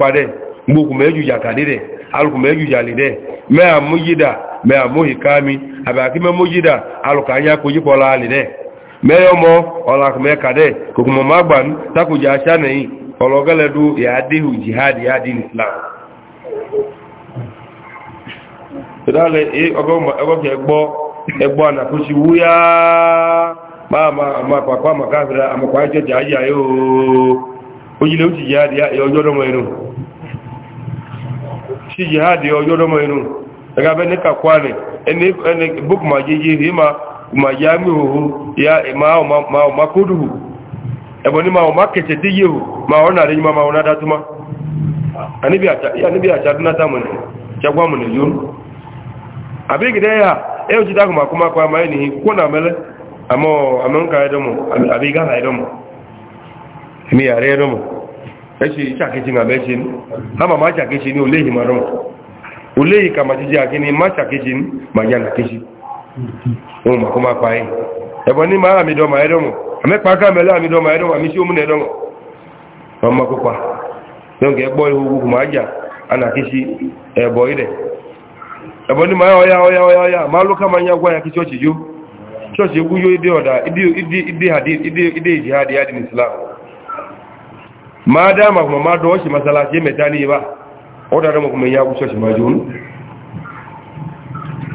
padẹ́ gbogbo mẹ́jù jàkàdé rẹ̀ alùkù mẹ́jù jàlè rẹ̀ mẹ́à yídà mẹ́à mú ìkámi àbàkí mẹ́ mú yídà alùkù anyá rẹ̀ mẹ́yọ́ mọ́ má gbà ní takùjà aṣánẹ̀yìn ọ̀lọ́gẹ́lẹ́dú jihad yádi islam tọ́dálẹ̀ ọgọ́kẹ́ ẹgbọ́ ya Si jihadi ọjọ́ dọ́mọ inú daga bẹ́ ní kàkwáni ẹni bókù ma yeye rí ma ma ya mi òhun ya ma ọmọ kódùhù ẹbọn ni ma ọmọ kẹsẹ̀ tí yíò ma ọ̀nà rí ma ma ọ̀nà dátúmá níbi àṣàdúnátà mọ̀nà ṣagbá mọ̀nà yóò àbí gidẹ́ ya ẹ ò ti dákùnmà kó má pa ma ẹni kó nà mẹ́lẹ́ àmọ́ àmọ́ ẹ̀ṣe ìṣàkíṣe ní àbẹ́ṣe ní àmà máa ṣàkíṣe ní olè ìmọ̀ náà olè ìkà máa ṣíṣe àkíní máa ṣàkíṣe ní máa yà nàkíṣe ohun màkó máa pa yìí ẹ̀bọ̀n ní máa àmìdọ́mà ẹ̀dọ́mù àmẹ́pàá kàmẹ́lẹ́ àmìdọ́mà ẹ̀dọ́mù àmì sí òmìnà ẹ̀dọ́mù wọn máa kópa lọ́nkẹ́ ẹ̀gbọ́ ìhòògùn máa jà ànàkíṣe ẹ̀bọ̀ ilẹ̀ ẹ̀bọ̀n ní máa ọya ọya ọya ọya máa ló ká máa yá gbáyà kí ma dama kuma ma da wasu masalaci mai tani ba wadda dama kuma ya wuce shi majun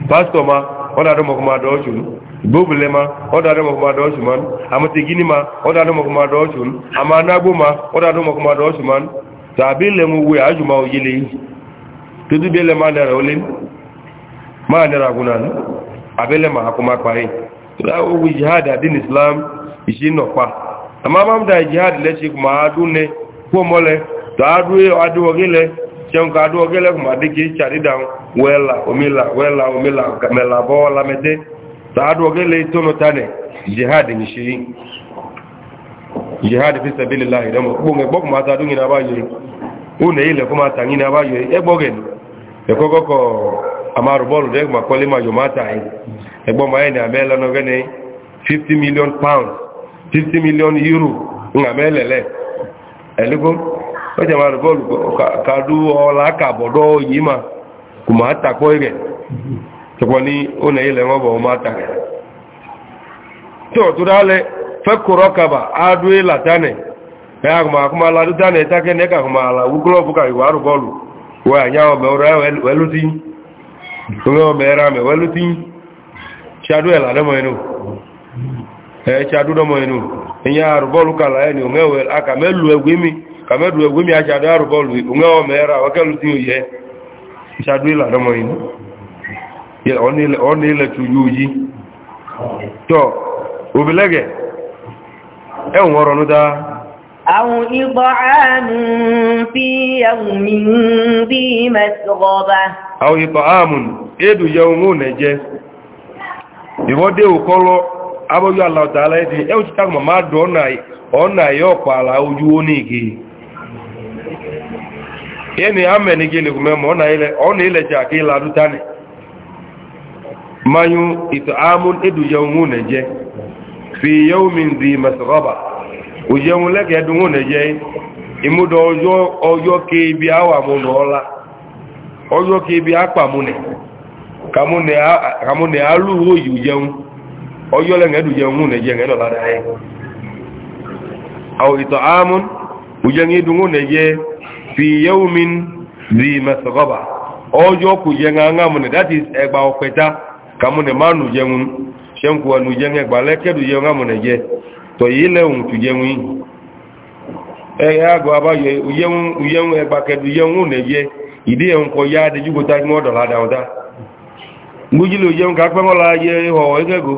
pastor ma wadda dama kuma da wasu bubule ma wadda dama kuma da wasu man a matigini ma wadda dama kuma da wasu a ma nago ma wadda dama kuma da wasu man tabi lemu wuya aju ma oyi le tutu bi le ma nara olin ma nara gunan abele ma akuma kpari tuta owu jihad adin islam ishi nọpa amma ba mu da e jihad le ci kuma adu ne ko mole to adu e, adu ogele chen ka adu ogele kuma diki chari da wela omila wela omila kamela bola mede to adu ogele to no tane jihad ni shi jihad fi sabilillah da mu bunge bok ma ta dungina ba yi une ile kuma tangina ba yi e bogen e kokoko amaru bolu de ma kole ma yo mata e e bo ma ene amela no gene 50 million pounds 50 million euro nga melele eligo o jama bol ka ola ka bodo yima kuma ta ko ire to ko ni o na ile ngo bo ma ta to to dale fe kaba adu ila tane ya e kuma kuma la du tane ta ne ka kuma la u club ka iwa ru bolu wa anya o me ora welu tin to me o me ra me ela le mo enu ẹ̀ẹ́kí adúdọ́mọ̀ inú ìyá àrùbọ́ọ̀lù kàlà ẹni òǹẹ́wẹ̀ akàmẹ́lù ẹgbẹ́mí kàmẹ́lù ẹgbẹ́mí àṣàdọ́ àrùbọ́ọ̀lù òǹẹ́wọ̀ mẹ́ra ọkẹ́lù tí ó yẹ ìṣàdú ìlàdọ́mọ̀ inú ọ̀nà ilẹ̀ tó yóò yí tọ́ òbílẹ́gẹ̀ ẹ̀wọ̀n ọ̀rọ̀ nú dáa أو إطعام في يوم ذي مسغبة أو إطعام إدو يومون جه إبودي abụghị ala ụtala ede ewuchita ahụ mmadụ ọ na ya ọkpala ojuo n'ige ene ya mere gị legume ma ọ na ilecha aka ịla dutani manyu ito amun eduje onwu na je fi yawmin na kamune kamune yu jeun ọyọ́lẹ̀ ẹ̀dù jẹ ohun nẹ̀jẹ̀ ẹ̀dọ̀ lára ẹ̀ àwọn ìtọ̀ ààmùn òjẹ́ ìdúnwò nẹ̀jẹ̀ fi yẹ́wùmín rí mẹ́sọ̀gọ́bà ọjọ́ kò that is ẹgbà ọ̀pẹta kàmùnẹ̀ máa nù jẹun ṣẹ́nkù ọ̀nù jẹun ẹgbà lẹ́kẹ́dù jẹ ńgámùn nẹ̀jẹ̀ tọ̀ yìí lẹ́hùn tù jẹun yìí ẹ̀yà àgọ́ abáyọ ìyẹ́hùn ẹgbà kẹ́dù yẹ́hùn nẹ̀jẹ̀ ìdí ẹ̀hùn kọ yá adéjúgbótá kí wọ́n dọ̀lá dáadáa gbójúlò jẹun kápẹ́ mọ́lá yẹ ìhọ̀wọ̀ ẹgẹ́gọ́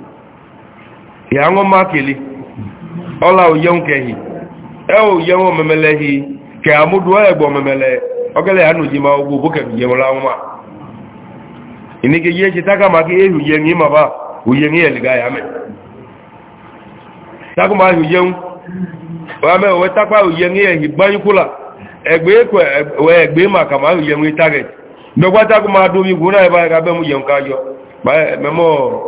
ọla a kèlé ọlá òyẹun kẹhì ẹ òyẹun ọmọmẹlẹ hì kẹ àmúdú ẹgbọ ọmọmẹlẹ ọgẹlẹ àánú jí máa ogbó bókẹ̀bì yẹun láwọn máa ìníkẹ yẹ́ ṣe tákà máa kí ka òyẹun yìí màbá òyẹun yìí ẹ̀lẹ́gà yà mẹ́ tákà máa òyẹun wà mẹ́ òwe tápá òyẹun yìí ẹ̀hì gbáyúkúlà ẹgbẹ́ ẹgbẹ́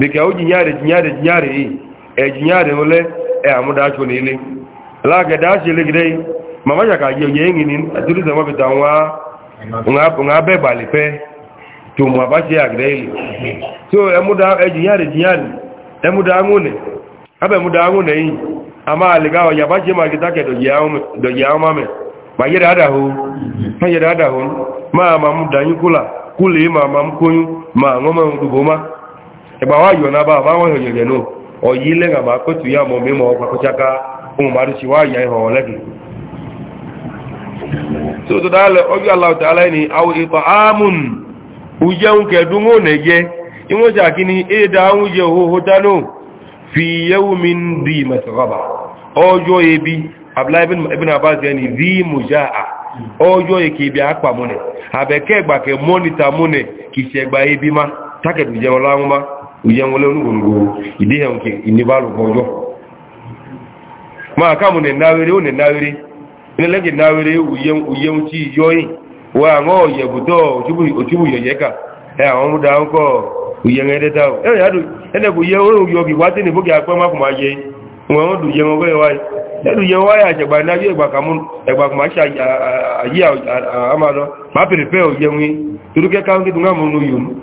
bèkì àwọn jìnyàrè jìnyàrè jìnyàrè yìí ẹ̀ jìnyàrè wọlé ẹ̀ àmúdáṣọ nílé alágẹ̀dáṣe lẹ́gẹ̀dẹ́ màmá ṣàkà yẹ òye yìí ní àtúrú sọmọ fìtà wọn abẹ́ ìbàlẹ̀ fẹ́ tó mọ̀ bá ṣe àgẹ̀dẹ́ yìí tó ẹmúdá ẹ̀ jìnyàrè jìnyàrè ẹmúdá ńwọ̀nẹ̀ abẹ́múdá ńwọ̀nẹ̀ yìí a máa lè gáwọ̀ yàbá ṣe máa gẹ̀dákẹ̀ dọ̀yẹ̀ àwọn mọ́mẹ́ bàyẹ̀rẹ̀ àdàhùn bàyẹ̀rẹ̀ àdàhùn máa máa mú dàyín kúlà kúlè máa máa mú kóyún máa wọ́n mọ́ ẹgbà wá yọ̀ náà bá bá wọ́n yọ̀ yẹ̀ náà ọ̀yí lẹ́gà máa kótù yá mọ̀ mímọ̀ ọkọ̀ kọjáká fún màrí ṣe wá yà ìhàn ọ̀lẹ́gì tó tó dáálẹ̀ ọjọ́ aláwọ̀tà aláìní ipa ámùn ujẹun kẹdùn ó ni èdè àwọn oúnjẹ òhòhò dáná fi yẹ́wù mi ń di mẹ́sàkọ́bà ebi abúláìbìn àbáṣẹ́ ni ujen wale onugbonugbo ide inibalu ọjọ́ ma kamu ne nawere o ne nawere ilẹ̀lẹ́gì nawere uyen tí yọ́yìn wọ àwọn ọ̀yẹ̀bùtọ́ òtúbù yẹ̀yẹ́ka ẹ àwọn ọmọdé àwọn kọ́ uyen ẹ̀dẹ́ta ẹ̀lẹ́gbù yẹ oòrùn yọ̀gì wá tí ní fókè àpẹ́ mákùnmá yẹ wọn ó dùn yẹ wọn bẹ́ẹ̀ wáyé lẹ́nu yẹ wáyé àjẹgbà ní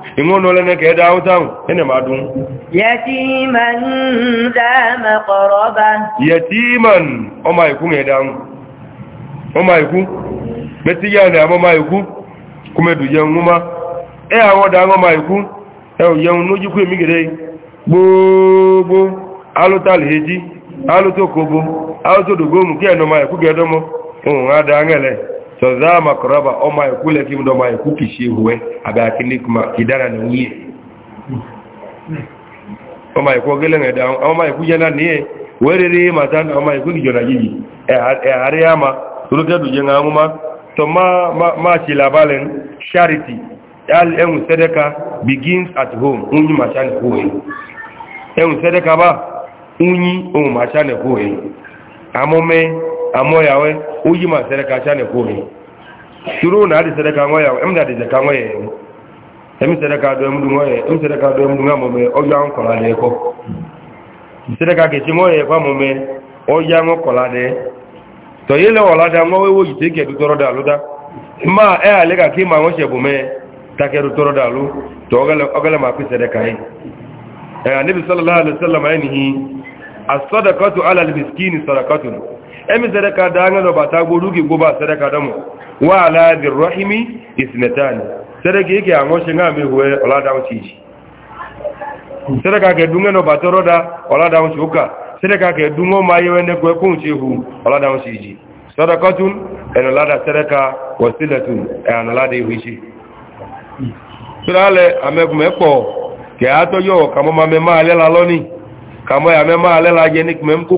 ìwọ́n náà lẹ́nà kẹ́ẹ̀dá áwútáwù ẹnẹ̀ máa dún. yẹtíman dáàmà kọ̀rọ̀bá. yẹtíman ọmọ ikú mẹ́dáhùn ọmọ ikú mẹ́tíyà ní àmọ́ ọmọ ikú kúmẹ̀dù yẹun múmá ẹ àwọn dáhùn ọmọ ikú yẹun ọmọ ikú sọ̀zá makaraba ọmọ ẹ̀kú lẹ́kí mọ́ ọmọ ẹ̀kú kì ṣe ìwẹ́ àbákíní ìdára ní wíyẹ̀ ọmọ ẹ̀kú ọgẹ́lẹ̀ ẹ̀dá ọmọ ẹ̀kú jẹ́ náà níyẹ̀ wẹ́rẹ̀rẹ̀ màtá ọmọ ẹ̀kú ìjọra yìí ẹ̀hárí àmà torókẹ́dù jẹ́ charity ẹ̀hùn begins at home unyi màṣá nìkú ẹ̀ ẹ̀hùn sẹ́dẹ́ka bá unyi ohun màṣá nìkú oyi ma sadaka cha ne me turu na adi sadaka ngoya em na adi sadaka ngoya em sadaka do em dungo ye em sadaka do em dunga mo me o ya nko la ko sadaka ke ti ngoya me o ya nko la de to ye le da da lu da ma e ale ka ki ma won se bu me ta ke du toro da lu to ma fi sadaka yi eh nabi sallallahu alaihi wasallam ainihi as-sadaqatu emi sadaka da an gano ba ta godu ki goba sadaka da mu wa ala dhir rahimi isnatan sadaka yake an washin ga me huwe ola da wuci shi sadaka ke dunga no ba toro da ola da wuci uka sadaka ke dungo ma yewe ne ko ko ce hu ola da wuci ji sadaqatun an la da sadaka wasilatun e an la da yi shi sirale amekume po ke ato yo kamo ma me ma le la loni kamo ya me ma le la je ni kumem ku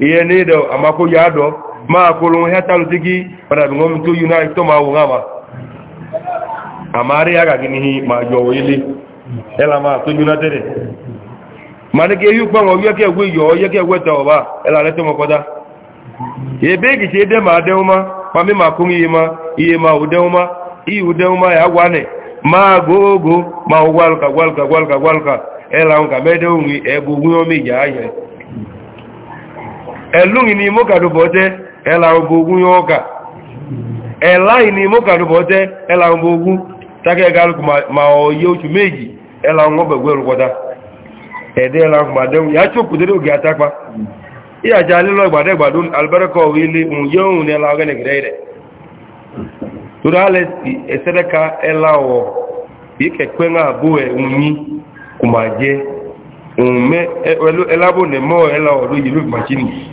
ihe na ịdọ amako ya adọ ma akwụrụ ha talụsị gị mana bụ ngọmtụ unit tọm awụghị ama amara ya gaghị n'ihi ma yọọ ile ẹla ma tó jùlọ tẹ́lẹ̀ ma ní kí ọ pọ̀wọ̀ yẹ́kẹ́ ẹgbẹ́ yọ yẹ́kẹ́ ẹgbẹ́ ọba ebe ma dẹ́wọ́n ma pàmí ma kún iye ma iye ma ma iye ò dẹ́wọ́n ma yàgbà ma gógó ma ò gwálùkà gwálùkà gwálùkà gwálùkà ẹla elughi ni mokadubote elagbogu ya ọka elaghi ni mokadubote elagbogu taka egalụkụ ma oyi otu meji elawụgbegwe rụkwọta edela gbadeu ya oge atakpa ẹlà ọgẹ́nẹ̀gẹ́rẹ́ rẹ̀ tó dálẹ̀ ẹ̀sẹ́dẹ́ka jẹ́ ẹlà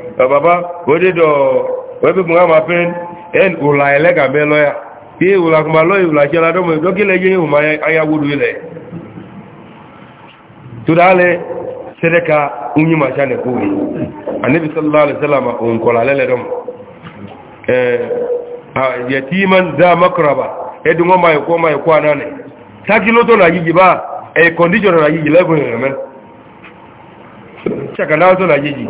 baba wode do webe mu ama pen en ula elega melo ya ti ula kuma lo ula jela do mo dokile je huma aya wudu ile tudale sedeka unyi ma chane kuwi anabi sallallahu alaihi wasallam on kola lele dom eh ah, yatiman za makraba edu ngoma yoko ma yoko anane takilo to na yiji ba e condition na yiji level men chaka na to na yiji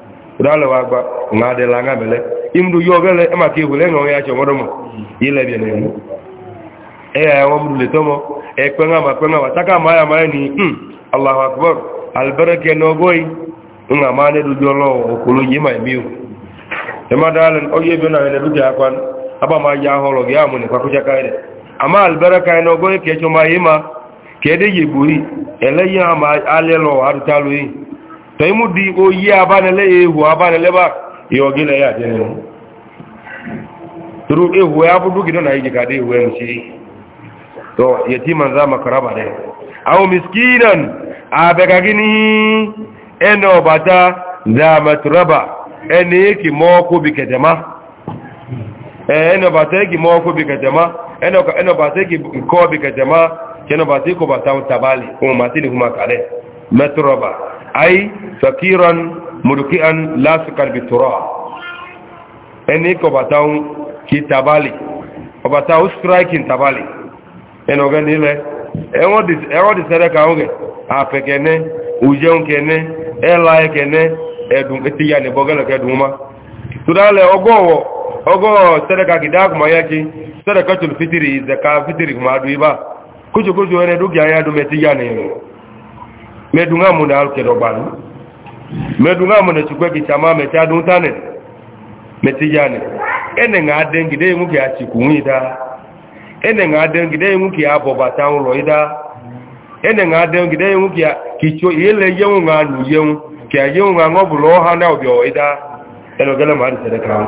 dale wa gba nga de la nga bele imdu yo gele e ma ke nga ya che ngodomo ile bi mu e ya wa le tomo e nga ma nga ma ya ma ni hmm akbar al ma ne du jolo ma e mi e ma dale o ye na ne du ja aba ma ya holo ya mu ne kwa kuja kai ama al baraka no ke cho ma yi ke de ele ya ma arutalo taimu di o yi abanale ehu abanale ba iyogi na ya jere turu ehu ya budu gido na yiji kade ehu emci to yatiman makaraba de aw miskinan abega gini eno e, bata za matraba ene ki moko bi kedema eno bata ki moko bi kedema eno eno bata ki ko bi kedema keno bata ko bata tabali kuma matini kuma kale matraba ay fakiran murki'an la sukar bi eni ko bataun ki tabali ko batau striking tabali eno gani le ewo dis ewo ka onge apekene ujeun kene ela kene edun etiya ne bogala ke duma tudale ogowo ogo kuma duiba kujo medunga mune alkedo gbalu medunga mune tukwe kitama meti aduntane meti jane ene nga adengi de nguki yi da ene nga adengi de nguki aboba yi ida ene nga adengi de nguki kicho ile yeŋu ŋa nu na obyo ida eno gele mari sedeka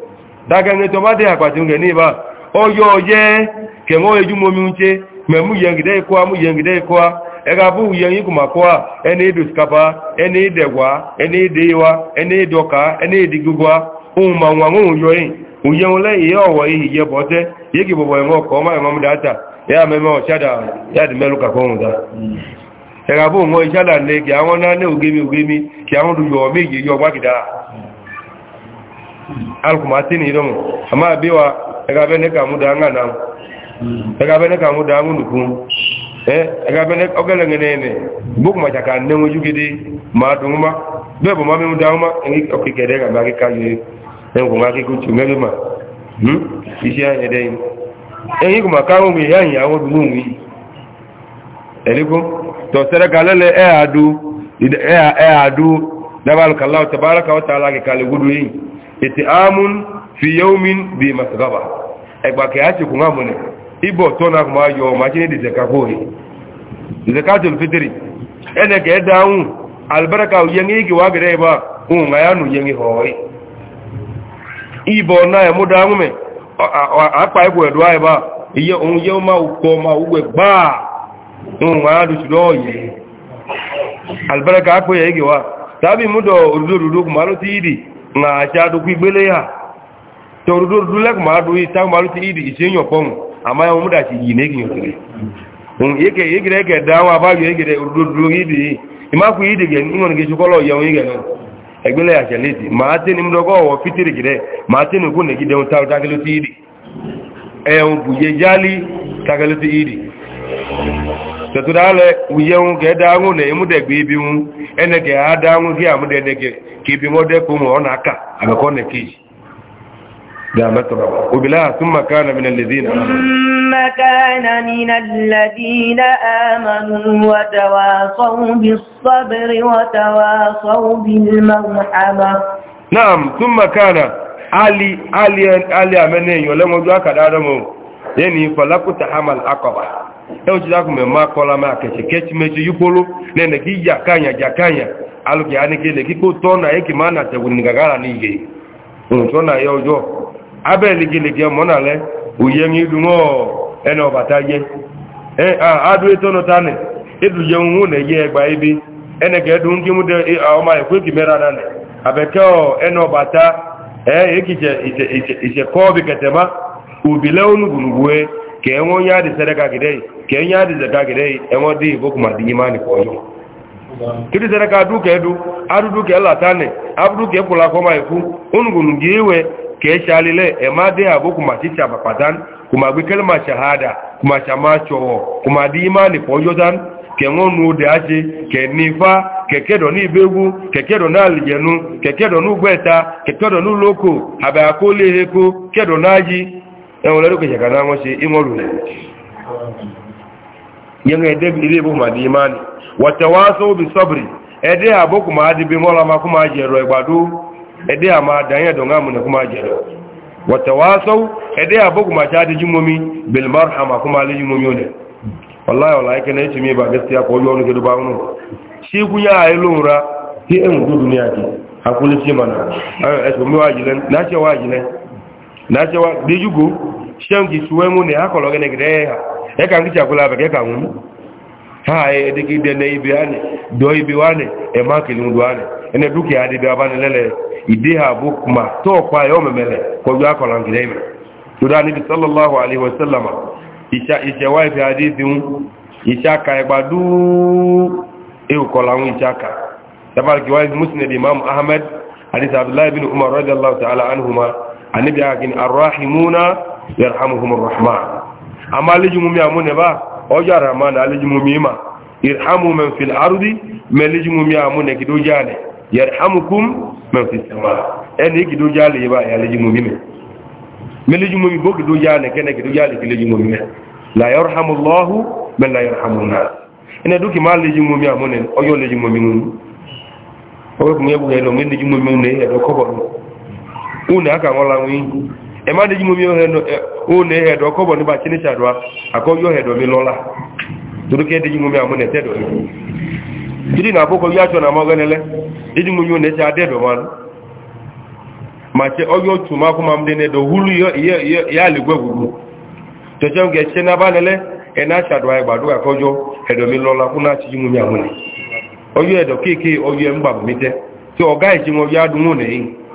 taka nge made ị akpati nge n'iba oye oye kemgbe oye ju momi nche mgbe mu ye ngide ịkụa mu yengide ngide ịkụa ega bụ uye iku ma kụa ene osikapa ene idegwa ene ide iwa ene idoka ene idigugwa ụmụ ma nwa nwụ ihe ọwọ ihe ihe bọte ihe gị bụbọ enwe ọkọ ọma data ya meme ọchada ya dị melu kakọ nwụda ega bụ nwe ọchada nne gị anwụ na nne ugemi ugemi ka anwụ dụjọ ọma alkuma atini idomu amma abiwa daga bene ka mu da ngana daga bene ka mu da ngunu kun eh daga bene ogala ngene ne buku ma chaka ne mu jugidi ma dunguma be bo ma mu da ma ni okike daga ba ki kaje ne ko ma ki ku chunga ma hm isiya ede eyi kuma ka mu ya ya wo dungu ni eliko to sere galele e adu e, e adu dabal kallahu tabaaraka wa ta'ala ki kale gudu yi ìtìámún fi yóòmín bí masagaba ẹgbàkẹ́ àṣekù náà múnẹ̀ ibò tó náà kùnmá yọ ọmọ akíní dìzẹ̀ká kóòrè dìzẹ̀ká jùlọ fitiri ẹnẹ̀kẹ́ dáhùn albarka yẹngi igi wà gẹ̀rẹ́ ibà ohun ayánu yẹngi họ̀ọ́yì ibò náà ẹ̀mú dáhùn mẹ́ àpá ikú ẹ̀dọ́ iye ohun yẹ́ máa máa gbáà yẹ albarka tàbí òdúdó ló ti na acha adukwu igbele ya torudorudulek ma adu ita maru ti idi ise enyo ya umuda ti yi negi nyotire un yeke yegire yeke dawa abaju yegire orudorudulu idi imaku idi gen ingon ge chukolo ya un yege no egbele ya cheliti ma ate ni mdogo wo fitiri gire ma ate ni gune gide un tawo takelo ti idi e un sɛtura alɛ wuyɛ ŋu kɛ da ŋu ne emu dɛ gbi bi ŋu ɛnɛ kɛ a da ŋu kí amu dɛ ne kɛ kibi ŋɔ dɛ ko mu ɔna ka abe kɔ ne keji dàmɛ tɔrɔ obìnrin a tún ma ká na minɛ lèzi na. ma ká na minɛ lèzi na amanu watawa sɔn bi sɔbiri watawa sɔn bi mahama. naam tún ma ká na ali ali ali amɛ ne yɔlɛ ŋɔjɔ a ka da dɔn mo yanni falakuta hamal akɔba. ewuchila akụ mmemme akọla m akechi kechi mechi na-ene ka iji akanya ji akanya alụghị ya ele na eke ma a na-achagwuru n gagara n'ihe nwụchọ na ya ọjọọ abel gịlịgị mụ na le uye n'iru ene ọbata ye e, adụ etonụtanị eduye nwu na eye egba ebi ene ka edu nke mụ dị ọma ekwe kimera nanị abekee ene ọbata ee ekiche ketema ubile onugwu ka enwe onye adịsere ka kenye adi zaka gidai en wadi ma di imani ko yo tudi zaka du ke du adu du ke la tane abdu ke kula ko ke shalile e ma de aboku ma kuma gbe kalma shahada kuma chama cho kuma di imani ko yo dan ke ngonu de aje ke nifa ke kedo ni bewu kekedo na aljenu ke kedo nu gbeta ke nu loko kedo naji yẹn ẹdẹ ilé ìbò màdì ìmáàlì wọ̀tẹ̀ wá sówó bí sọ́bìrì ẹdẹ àbókù máa di bí mọ́lá máa kó máa jẹ̀rọ ẹgbàdó ẹdẹ àmà àdáyẹ̀ dọ̀ngá múnẹ̀ kó máa jẹ̀rọ wọ̀tẹ̀ wá sówó belmar àmà kó máa lé jùmọ́mí ọ̀dẹ̀ ọláyọ̀ ọ̀láyẹ̀kẹ́ náà ètùmí ìbà gẹ́sì akọ̀ ọjọ́ ọ̀nà kẹdùbà ọ̀nà mi ẹka ń kíjà kúlá bẹ̀kẹ́ kàwọn mú ha ẹ̀ẹ́dẹ́gí e, dẹ́nẹ́ ibi wánẹ̀ dọ́ ibi wánẹ̀ ẹ̀má kìlì ń duwánẹ̀ ẹ̀nẹ́ dúkìá dẹ́bi abánilẹ́lẹ̀ ìdí ààbò kùmà tó ọ̀pá ẹ̀yọ́ mẹ́mẹ́lẹ̀ kọjú akọ̀làǹkìlẹ̀ ìmẹ̀ lórí anábì sallallahu alaihi wasallam ìṣẹ̀wá ìfẹ́ adéṣe ń ìṣàkà ẹgbà dúú ẹ̀kọ̀là ń ìṣàkà tabarki wáyé musnad imam ahmed hadith abdullahi bin umar radiyallahu arrahimuna yarhamuhumur rahman amma alijimumi amune ba ojo arama na alijimumi ma irhamu man fil ardi man alijimumi amune gido jale yarhamukum man fis sama eni gido jale ba ya alijimumi me milijimumi bo gido jale kene gido jale kilijimumi me la yarhamu allah man la yarhamu nas ina duki ma alijimumi amune ojo alijimumi ngun owo kunye bu ga lo ngende jimumi ne ya do ko ko une aka ngola ngi ẹ̀má dèjì mú mi ó ní ẹ̀dọ̀ kọ́bọ̀ bụ kí ní ṣàdọ́wà àkọ́yọ́ ẹ̀dọ̀ mi lọ́la torókẹ́ dèjì mú mi àmúnẹ̀ ní ma ṣe ọyọ́ tù má kó máa mú bá nẹ́lẹ́ ẹ̀ná ṣàdọ́wà ìgbàdúrà ẹ̀dọ̀ mi lọ́la fún náà ẹ̀dọ̀ kéèké ọyọ́ ẹ̀ ń gbà mí tí ọ̀gá ìṣẹ́ yá dùn nìyí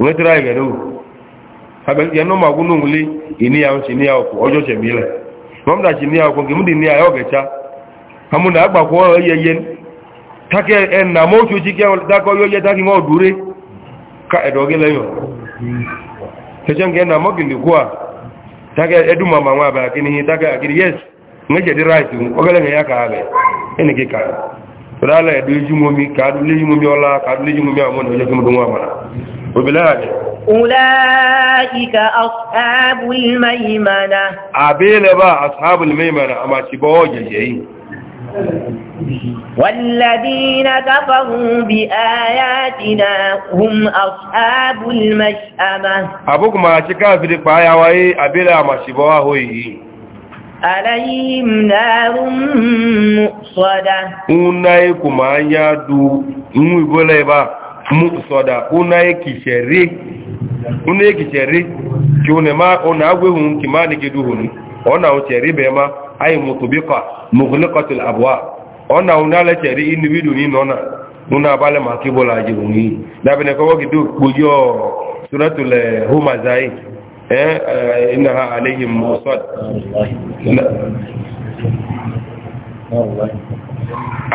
wetara anyị gere wu abịa nọ ma gwụ n'onwule ini ya nchi ni ya ọkụ ọjọ ile ma chi ni ya ọkụ nke m dị ni ya ọ ga agba ha mụ e, e na agbakwa ihe ihe take na ma otu chike daka ọyọ ihe taki dure ka edo gele yo teche nke na mọ gili kwa take edu mama nwa abịa kini ihe take akiri yes ngeje dị right ogele ya ka abịa ene gị ka rala ka adule eji ka na ojo nwa mara وبالآية أولئك أصحاب الميمنة أبين با أصحاب الميمنة أما تبوجه جيه والذين كفروا بآياتنا هم أصحاب المشأمة أبوك ما تكافر بآيا وإي أبلا ما شبواه وإي عليهم نار مؤصدة أولئك ما يدو مبلبا sọ̀dà una ekichere ki ona agwehun ki ma ni giduhun ona uchere be ma ayi mutubika mughliqatul abwa ona una la chere individu ni nona una bale ma ki bola ji ungi da bene ko gidu bujo suratul eh, humazai eh, eh inna alaihim musad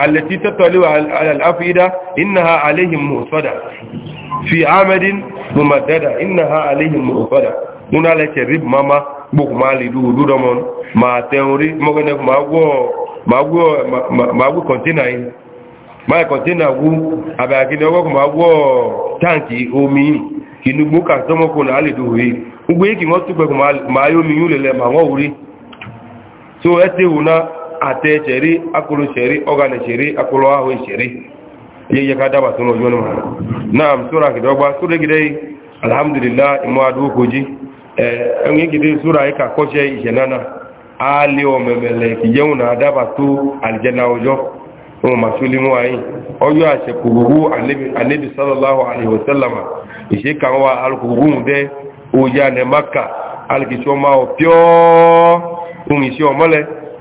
التي تطلع على الأفئدة إنها عليهم مؤصدة في عمد ممددة إنها عليهم مؤصدة هنا لك رب ماما بوك مالي دو دو دمون ما تنوري مغنك ما أقوى ما أقوى ما أقوى كونتيناين ما كونتينا أقوى أبا أكيد أقوى ما أقوى تانكي أمي kinu gboka tọmọkùn náà lè dòwe gbogbo yìí wọ́n máa yóò mi yún lẹ́lẹ́ wọ́n so ẹ́ tẹ́wò náà ate cheri akulu cheri ogale cheri akulu ahu cheri ye ye kada n'ụwa. Na ma naam sura kidogba sura alhamdulillah imwadu koji eh engi gidei sura ika koche ijenana ali o memele na adaba tu aljanna ojo o masuli anyị. ayi ojo ase kugugu anabi anabi sallallahu alaihi wasallam ise kan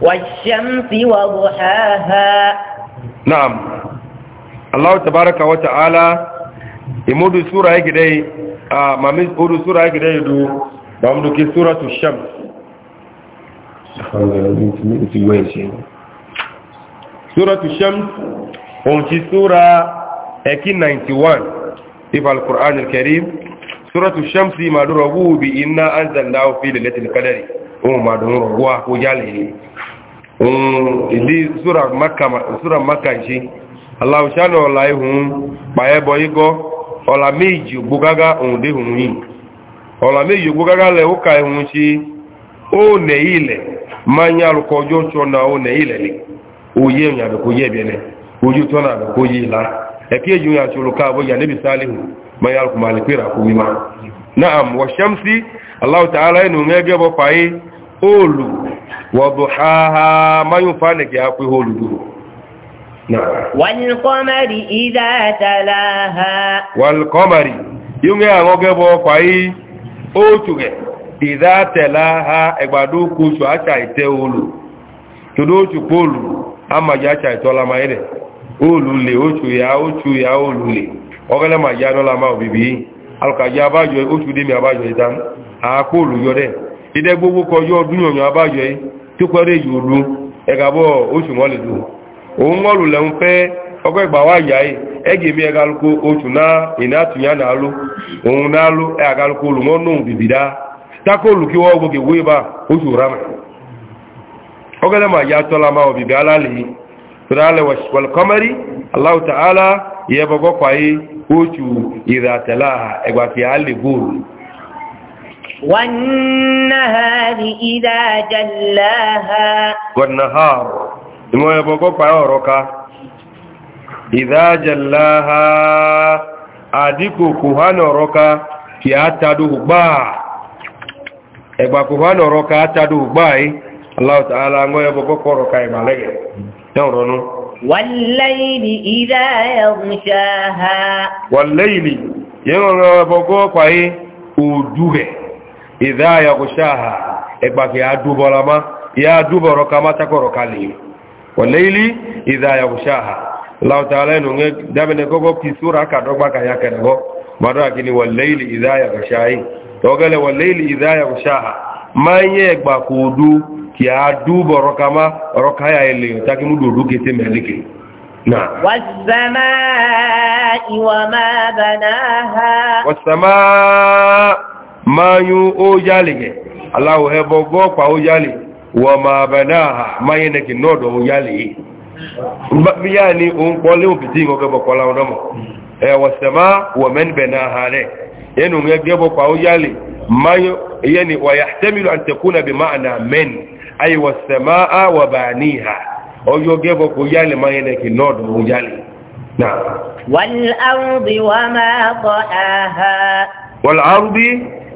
والشمس وضحاها نعم الله تبارك وتعالى يمد سورة هيك آه ما مزقود سورة يكدي يدو ما مدوكي سورة الشمس سورة الشمس هونشي سورة اكي 91 في القرآن الكريم سورة الشمس ما دربوه بإنا أنزلناه في ليلة القدر ohun madu ń rọ̀gbọ́ àkójálẹ̀ ohun ìdí súra maka ìṣe aláwùsánà ọla ihun pàẹ́bọ igọ́ ọ̀la méjì ògbógágá ohun dé ohun yìí ọ̀la méjì ihun ṣe ó nẹ̀ ilẹ̀ máa ń yàrùkọ ọjọ́ ṣọ́nà ó nẹ̀ ilẹ̀ lè oyé ìyàbẹ̀kó yẹ̀ bẹ̀rẹ̀ ojú tọ́nà àbẹ̀kó yé ìlà ẹ̀kí èjì ìyàṣòro káàbọ̀ yà níbi sáà Allah ta'ala inu ngege bo fai olu wa duhaha ma yufane ki akwe olu du wal qamari idha talaha wal qamari yunge ngoge bo fai otuge idha talaha egbadu ku so acha ite olu todo chu polu ama ya cha itola ma ire olu le ochu ya ochu ya olu le ogele ma ya no la ma obibi alka ya bajo ochu de mi abajo idan àákó yọ dẹ̀ ìdẹ́ gbogbo kọjú ọdún yọ̀nyọ̀ abájọ́ yìí tó kọ́ rẹ̀ yòó lu ẹgbàbọ̀ oṣù wọn dùn òun wọ́n lù lẹ́hun pẹ́ ọgbẹ́ wá yà yìí ẹgbẹ̀ mi ẹgaluko oṣù náà ìná àtúnyà náà ló òun náà ló bìbì dá bá oṣù máa bìbì yìí aláwùtà alá oṣù ẹgbàkì والنهار إذا جلاها والنهار إما يبقى فأورك إذا جلاها أديكو كهان روكا كي أتدو با إبا كهان روكا أتدو باي الله تعالى أنه يبقى فأورك إما لك يورونو والليل إذا يغشاها والليل يورونو يبقى فأي أدوه idha yaghshaha ekbaki adubola ma ya duboro kama takoro kali walayli idha yaghshaha law ta'ala nunge dabene gogo ki sura ka dogba ka yake nego bado akini walayli idha yaghshahi togale walayli idha yaghshaha manye egba kudu ki aduboro والسماء وما بناها والسماء mayu o yalige alahu hebo gopa o yali wa ma banaha mayene ki nodo o yali yani on pole on pitingo ke bo kola odomo e wasama wa man banaha le yenu ngege bo kwa o yali mayu yani wa yahtamilu an takuna bi ma'na min ay wasamaa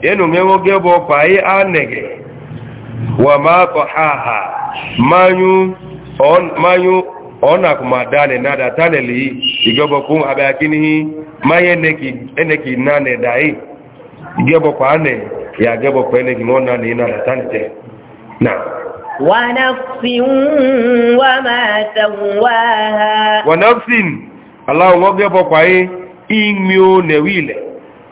yẹnu mẹ́wọ́ gẹ́bọ̀ fàáyé ánẹ̀gẹ̀ wà máa tọ̀ àhà máyún ọ̀nà kùmà dánẹ̀ náà tánẹ̀ lè ìgẹ́bọ̀ fún abẹ́akíní máyé ẹnẹ́kì nánẹ̀ dáyé ìgẹ́bọ̀ pàánẹ̀ yà gẹ́bọ̀ pẹ́ẹ́nẹ́kì wọ́n nánẹ̀ náà tánẹ̀ tẹ́ wọ̀nàfsìn aláwọ̀ gẹ́bọ̀ pàáyé ìmí ó nẹ̀wí ilẹ̀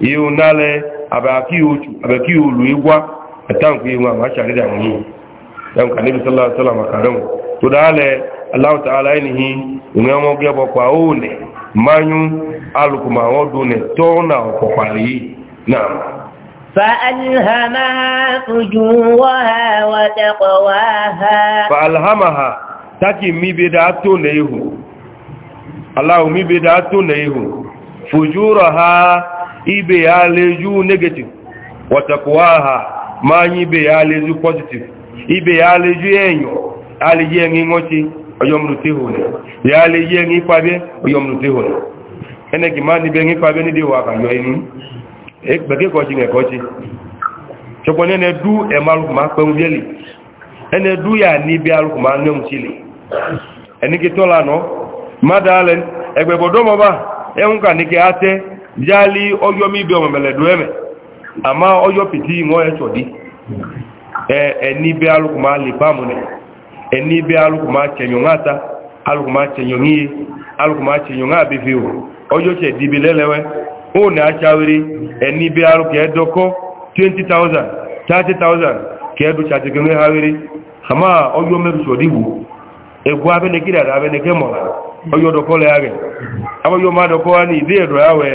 ihu nalẹ abẹ́kí olù igwa ẹ̀tàǹkù ihu àwọn aṣàrídà wọn yìí ẹ̀hùn kà níbi sọ́lá sọ́lá màkàrẹ́wò tó dálẹ̀ aláwọ̀ta aláìníhì ìwọ̀n ọmọ gẹ́bọ̀ pa ó nẹ̀ máyún alùpùpù àwọn ọdún nẹ̀ tọ́ọ̀nà na pàlẹ́ yìí náà فألهمها فجورها وتقواها فألهمها تاكي مي بداتو الله مي بداتو فجورها ibe ya leju negative watakuwaha manyi ibe ya leju positive ibe ya leju enyo aliji enyi ngochi oyo mruti hune ya aliji enyi kwabe oyo mruti hune ene kimani be enyi kwabe ni diwa ka yo ini ekbeke ko chinge ko chi choko ne ne du e malu ma pe ngeli ene du ya ni bi alu ma ne mchili ene ki tola no madalen egbe bodomo ba ehun ka ni ke ate jali ọjọ́ mi bẹ ọmọ mẹlẹ̀dù ẹ̀mẹ̀ àmá ọjọ́ pìtì wọ́n ẹ̀ e ṣọ̀dí ẹni e, bẹ alùkù máa lè bá múnẹ̀ ẹni bẹ alùkù máa tẹ̀yàn láta alùkù máa tẹ̀yàn yíye alùkù máa tẹ̀yàn láàbífi o ọjọ́ tẹ̀ dìbì lẹ́lẹ́wẹ́ ó ní aṣáwéré ẹni bẹ alùkù ẹ̀dọ́kọ́ 20,000 30,000 kẹ́ẹ̀dù ṣàtìkẹ́rẹ́ háwéré àmá ọjọ́ mẹ́rin ṣọ̀dí wò ẹ̀gbọ́ abẹ́nẹkẹ́ dàda abẹ́nẹkẹ́ mọ̀lá ọjọ́ dọ̀kọ́ lẹ́yà abọ́jọ́ máa dọ̀kọ́ wá ìdí ẹ̀dọ̀ yàwẹ̀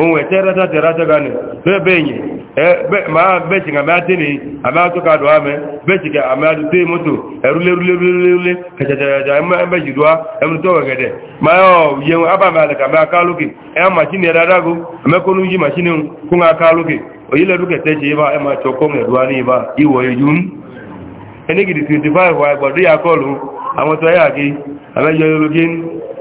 onwe terata terata gani bebenye ma bechi ga mate ni amato ka doa me bechi ga amadu te moto erule rule rule rule ka ja ma be jidwa em to gede ma yo ye aba ma le ka ma kaluki me ko nuji machine ku nga o ile duke teji ba e ma choko me doa ni ba iwo yun eni gidi 25 wa gbodu ya kolu ya ki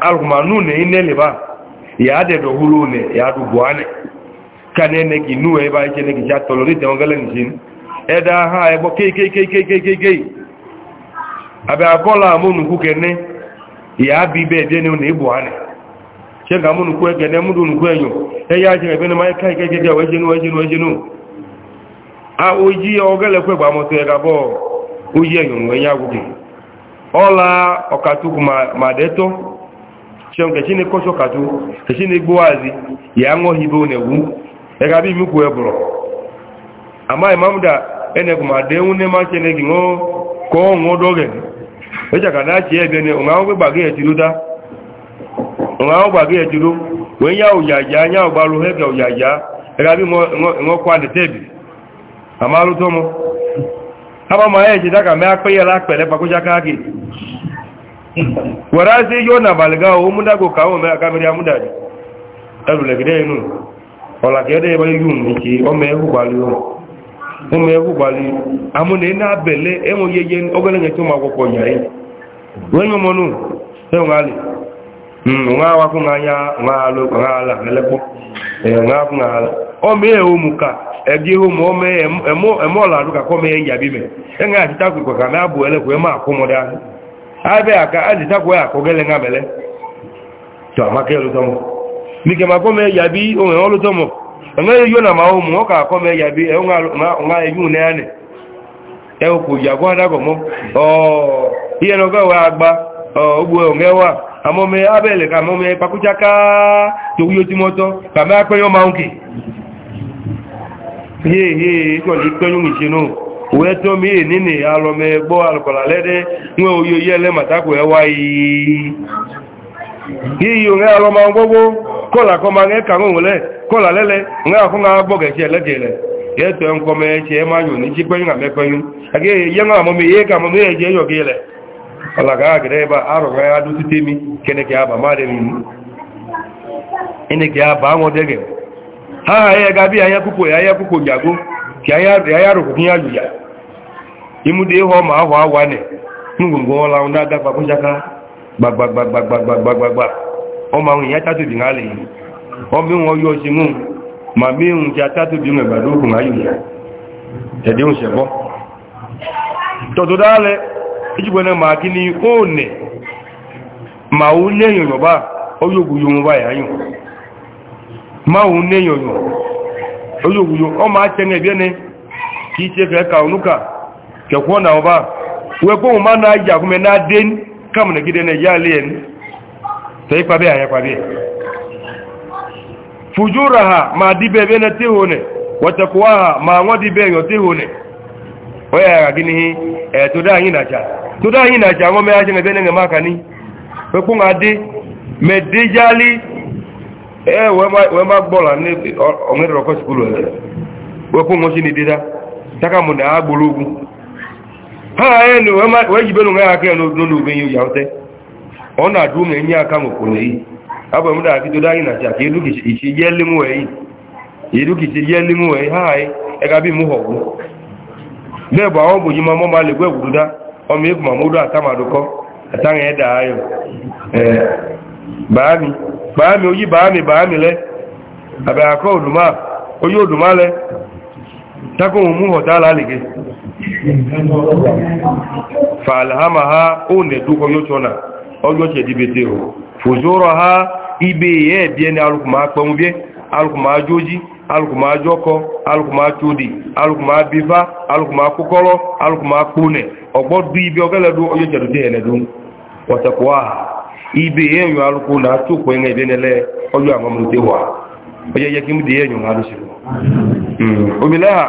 alùpùpù nù ní iná lè bá yàá dẹ̀dọ̀ ne ya yàá dùgbò ánì ká ní ẹnẹ kì nú ẹ bá ṣe ní kìí ṣàtọ̀lọ̀ ní tẹ̀wọ́n gẹ́lẹ́ nìṣin ẹ̀dá ha ẹ̀bọ́ kéèkéèkéèkéèkéèkéè àbẹ̀ àbọ́là ni máa ká ìkẹ́kẹ́kẹ́ wẹ́ ṣẹnu wẹ́ ṣẹnu wẹ́ ṣẹnu ojí ọgẹ́lẹ́kọ́ ẹ̀gbà mọ́tò ẹ̀ka bọ́ ojí ẹ̀yọ̀ wẹ́nyá ma ma chọm e ka chine kọchọ katu ka chine gbowazi ya ṅụọ hibe onegwu ega bi mi kwuo bụrụ ama imam e da ene kuma de ma ka ọ ṅụọ dọge echa ka na ebe ne ya tiruta ụnga ọgbe gbaga ya tiru wee ya ụjaja anya ụgbalu he ga ụjaja ega bi ṅụọ kwa na tebi ama alụtọ mụ ama ma ya echeta ka ya la aka gị Were ihe ọ na-abalị ga ahụ ka ahụ akamịrị amụdaji erulegide enu ọlakede ebe ihu nke omegwu gbali amụ na ena abele enweghị ihe ogene nyecha ụmụ akwụkwọ nyaị wee nye mọnụ enweghali nwa awakụ n'anya nwa ala ka e ma yabi me ka abụ elekwe ma akwụ mụdị abe aka aji takwa ya kogele nga mele to amaka ya lutomo nike yàbí ohun bi onwe o lutomo nga yo na ma omu oka akome e, e, ya bi e nga nga ne ya gwa dago mo o iye na ga agba e, ka to ka wee tó mi èyí nínú alọ́mẹ gbọ́ alùkọ̀lá lẹ́dẹ́ wọ́n oyo yẹ́lẹ́ màtàkù ẹwà yìí yìí òun alọ́mà gbogbo kọ́là kọ́mà ń kà ń wọlé kọ́là lẹ́lẹ́ ń àfún wa gbọ́gẹ̀ẹ́sẹ̀ lẹ́gẹ̀ẹ́lẹ̀ yẹ́tọ̀ ń kọ́mọ ẹ̀ṣẹ̀ máa yùn ní tí pẹ́yìn àmẹ́pẹ́yìn àgẹ́ yẹ́n àmọ́ mi yẹ́ kà mọ́ mi ẹ̀jẹ̀ yọ̀ gẹ́lẹ̀ ọ̀làkà àgẹ́rẹ́ bá àrùkọ́ ya dúdú ha ha imude ihe ọma ahụ na ngwongwo ọla ndị agagba kpụchaka gbagbagbagbagbagbagbagba ọma nwunye ya tatubi ha ala ihe ọma ịnwe ọyụ ochi nwụ ma mee nwụ nke tatubi nwe gbado ukwu ma yi ya ẹdị nwụ shegbọ tọtụtụ alẹ ijigbene ma kí ni one ma wu ne yọnyọ ba ọyụ ogwuyo nwụ ba ya anyụ ma wu ne yọnyọ ọyụ ogwuyo ọma achẹ na ebiene ka iche ka ẹka ka. kẹkọ́ náà bá wẹ́kọ́ ma náà yà kúmẹ́ náà dé kàmù nà gídẹ́ náà yà lè ẹni tẹ́ ipa àyẹ́ pàbí ẹ̀ ra ha ma dìbẹ̀ bẹ́ náà tíhò nẹ̀ wọ́tẹ̀kọ́ ha ma wọ́n dìbẹ̀ yọ tíhò nẹ̀ wọ́n yà rà gíní ẹ̀ tó dá yín nàjà tó dá yín nàjà wọ́n mẹ́ ajẹ́ bẹ́ náà máa ní wẹ́kọ́ ma dé mẹ́ dé yálé ẹ̀ ha enu wee jibelu nwe ya aka ya n'obodo n'obe ihe ya ute ọ na-adụ ụmụ enyi aka nwekwo na iyi abụ m na-abidodo anyị na chaka ichi yeli m wee irukichi yeli m wee ha anyị egabi m họgbu lebe ọ bụ ji mamọ mali gwe gwuruda ọmọ ikwu ma mụdo ata ma dụkọ ataghị ede ayọ ee baami baami oyi baami baami le abịa akọ oduma oyi oduma le takọ ụmụ họtala ligị فالهمها اون ha o اوجو تشي ديبيتيو فجورها ibe ye bien alukuma kpamu bien alukuma joji alukuma joko alukuma tudi alukuma bifa alukuma kokolo alukuma kune ogbo du ibe ogele du oyo jedu de ele du na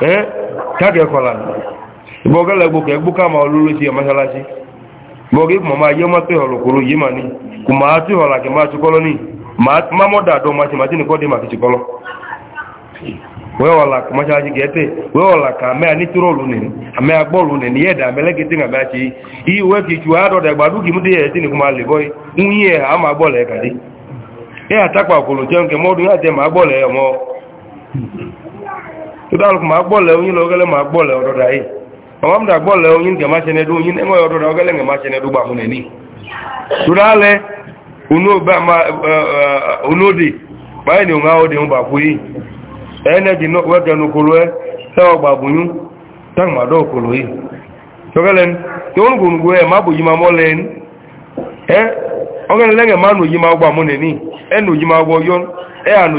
eh kake kola boga la ke gbo ka ma olulu ti masalasi boga mo ma yo ma pe holo kuru yi mani kuma ati hola ke ma chukolo ni ma ma mo do ma ti ma ma ti chukolo we wala gete ka me ani turolu ni ame ni ni yeda nga ba chi i we chu ado da gbadu ki mu de ti ni kuma le boy unye ka di e atakwa ya tudaluk ma a onyin lo gele ma gbole ododa yi awam da gbole onyin ke ma chene du onyin enwe ododa gele nge ma chene du ba mune ni unu ba ma ba ni odi un ba ku yi ene di no nu e se bunyu e, tan ma do yi to gele un gun ma bu e, ma nu ni enu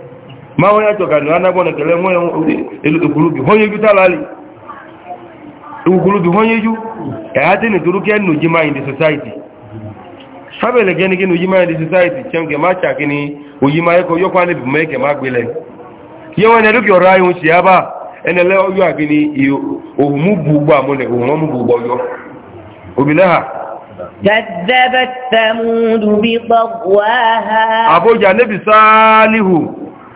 ma onye chọka na anagbọ na ekele nwe ukwuru gị onye ju eghata na etoro ke nnu ji manyị dị sosaiti sabele gị gị na oji manyị dị sosaiti che nke ma cha gị na oyi manyị ka oyokwa na ebume eke ma gbele ihe ọrụ anyị ya ba a gị na ohumu bụ ugbo a ohumu bụ ugbo yo obile ha كذبت ثمود بطغواها أبو جانب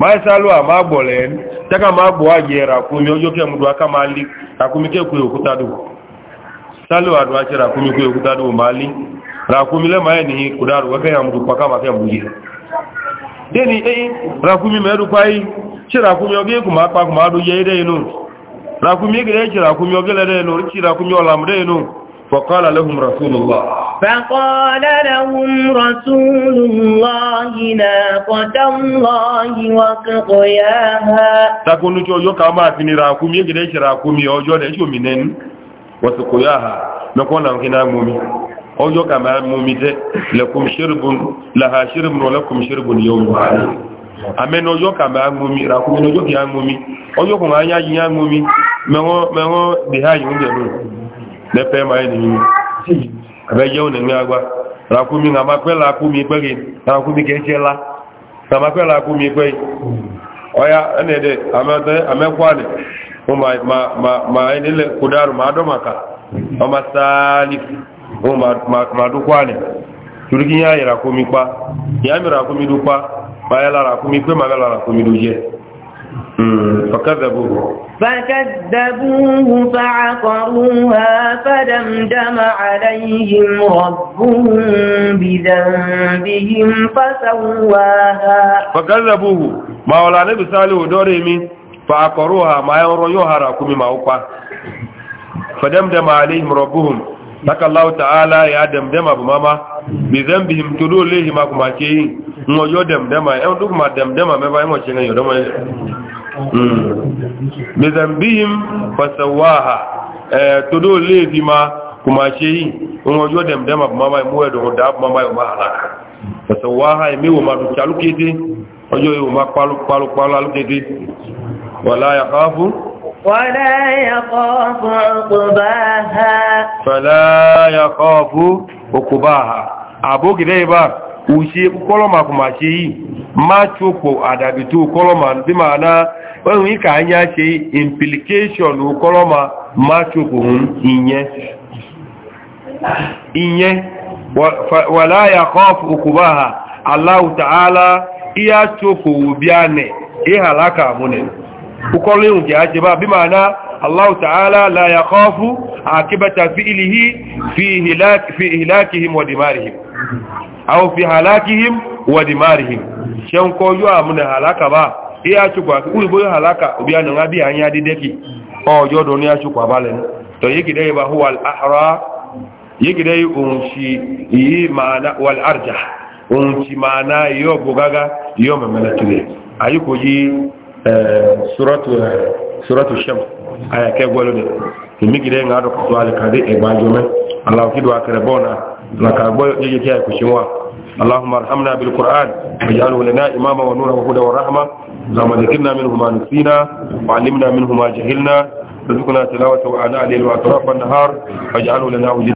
máa sálò àmá gbọ̀lẹ̀ ẹni tẹ́ka máa gbọ́ àjẹ́ ìràkúnmí ọjọ́ kí ẹmùdó aká máa lé ràkúnmí kéèkú òkúta dùgbò sálò àdùn àti ràkúnmí kó òkúta dùgbò máa lé ràkúnmí lẹ́mà ẹ̀ ní kùdàrù wẹ́kẹ́ ẹmùdó pàkàmàkẹ́ ẹmùdó deni eyi ràkúnmí mẹ́rùpá yìí ṣe ràkúnmí ọgẹ́ èkù máa pàkùnmá adó yẹ ẹdẹ́ فقال لهم رسول الله فقال لهم رسول الله ناقة الله وسقياها تكونوا جو يوكا ما فيني راكم يجري شراكم يوجو منين وسقياها نكون مومي او مومي لكم شرب لها شرب ولكم شرب يوم nẹ́fẹ́ máa ní abẹ́jẹ́ òní ní agbá ràkúmi àmàpẹ́ làkúmi pẹ́rẹ́ ràkúmi kẹ́ṣẹ́ lá àmàpẹ́ làkúmi pẹ́rẹ́ ọya ẹnẹ́dẹ́ àmẹ́kwàlẹ̀ ma ẹnilẹ̀ kùdárù ma dọ́màkà ọmọ sáàlì fún ma dúkwàlẹ̀ turkiyá yẹ ràkúmi pa yàmì ràkúmi dúpa ma yẹ lára ràkúmi pé ma bẹ́ lára ràkúmi dújẹ́ فكذبوه فكذبوه فعقروها فدمدم عليهم ربهم بذنبهم فسواها فكذبوه ما ولا نبي صالح دوريمي فعقروها ما يرون يهرا كمي موقع فدمدم عليهم ربهم لك الله تعالى يا دمدم ابو ماما بذنبهم تدول ليه ما كما شيء mo yo dem dem ay en duguma dem dem me bay mo ci ngay do Mgbe mm. za mbighi m kwasa wuwo aha, eh, toro ole efi ma kuma ashe yi, ọ mụrụ ọjọọ dandema bụ mama, emu ebe dọrọ abu mama, ebe ọ bụ ala. Kwasa wuwo aha, eme iwoma dị iche alụkwete, ọjọọ iwoma kwalụ kwalụ alụkwete, wala ya hafu. Wala ya hafu okubaha. Wala ya hafu okubaha. Abụọ gibebe a, wụsị ekwu, kọlọ ma kụma ashe yi, mma choko, adaabe duu, kọlọ ma dị ohun ika anya ṣe implication kọlọ́mà máa ṣokùnrin ìyẹn ìyẹn wàláyà kọf òkúbá ha aláwùtàálá iya ṣokùnrin bí a nẹ̀ ìhàlákà múnẹ̀ kọlọ́ ìhùn jẹ́ ajẹ́ bá bí máa ná aláwùtàálá láyà kọfú àkíbẹ̀ta fi ìlìhí fi ìhìlákihim wàdìmárihim àwọn fi hàlákihim wàdìmárihim ṣe ń kọjú àmúnẹ̀ hàlákà bá ihe achụkwa uyibo halaka obi anọ adịghị anya adịdeki ọjọ dọ ní achụkwa abalị tọ yegide ba hu wal ahra yegide unchi yi maana wal arja unchi mana yo bugaga yo memele tule ayiko yi eh, suratu eh, suratu shams aya ke gwalo de kimi gide nga do ko wal kadi e gbanjo me allah kidu akere bona la ka gbo yege ti ay ko shiwa اللهم ارحمنا بالقران واجعله لنا اماما ونورا وهدى ورحمه اللهم ذكرنا منه ما نسينا وعلمنا منه ما جهلنا رزقنا تلاوته وعناء الليل وأطراف النهار واجعله لنا وجد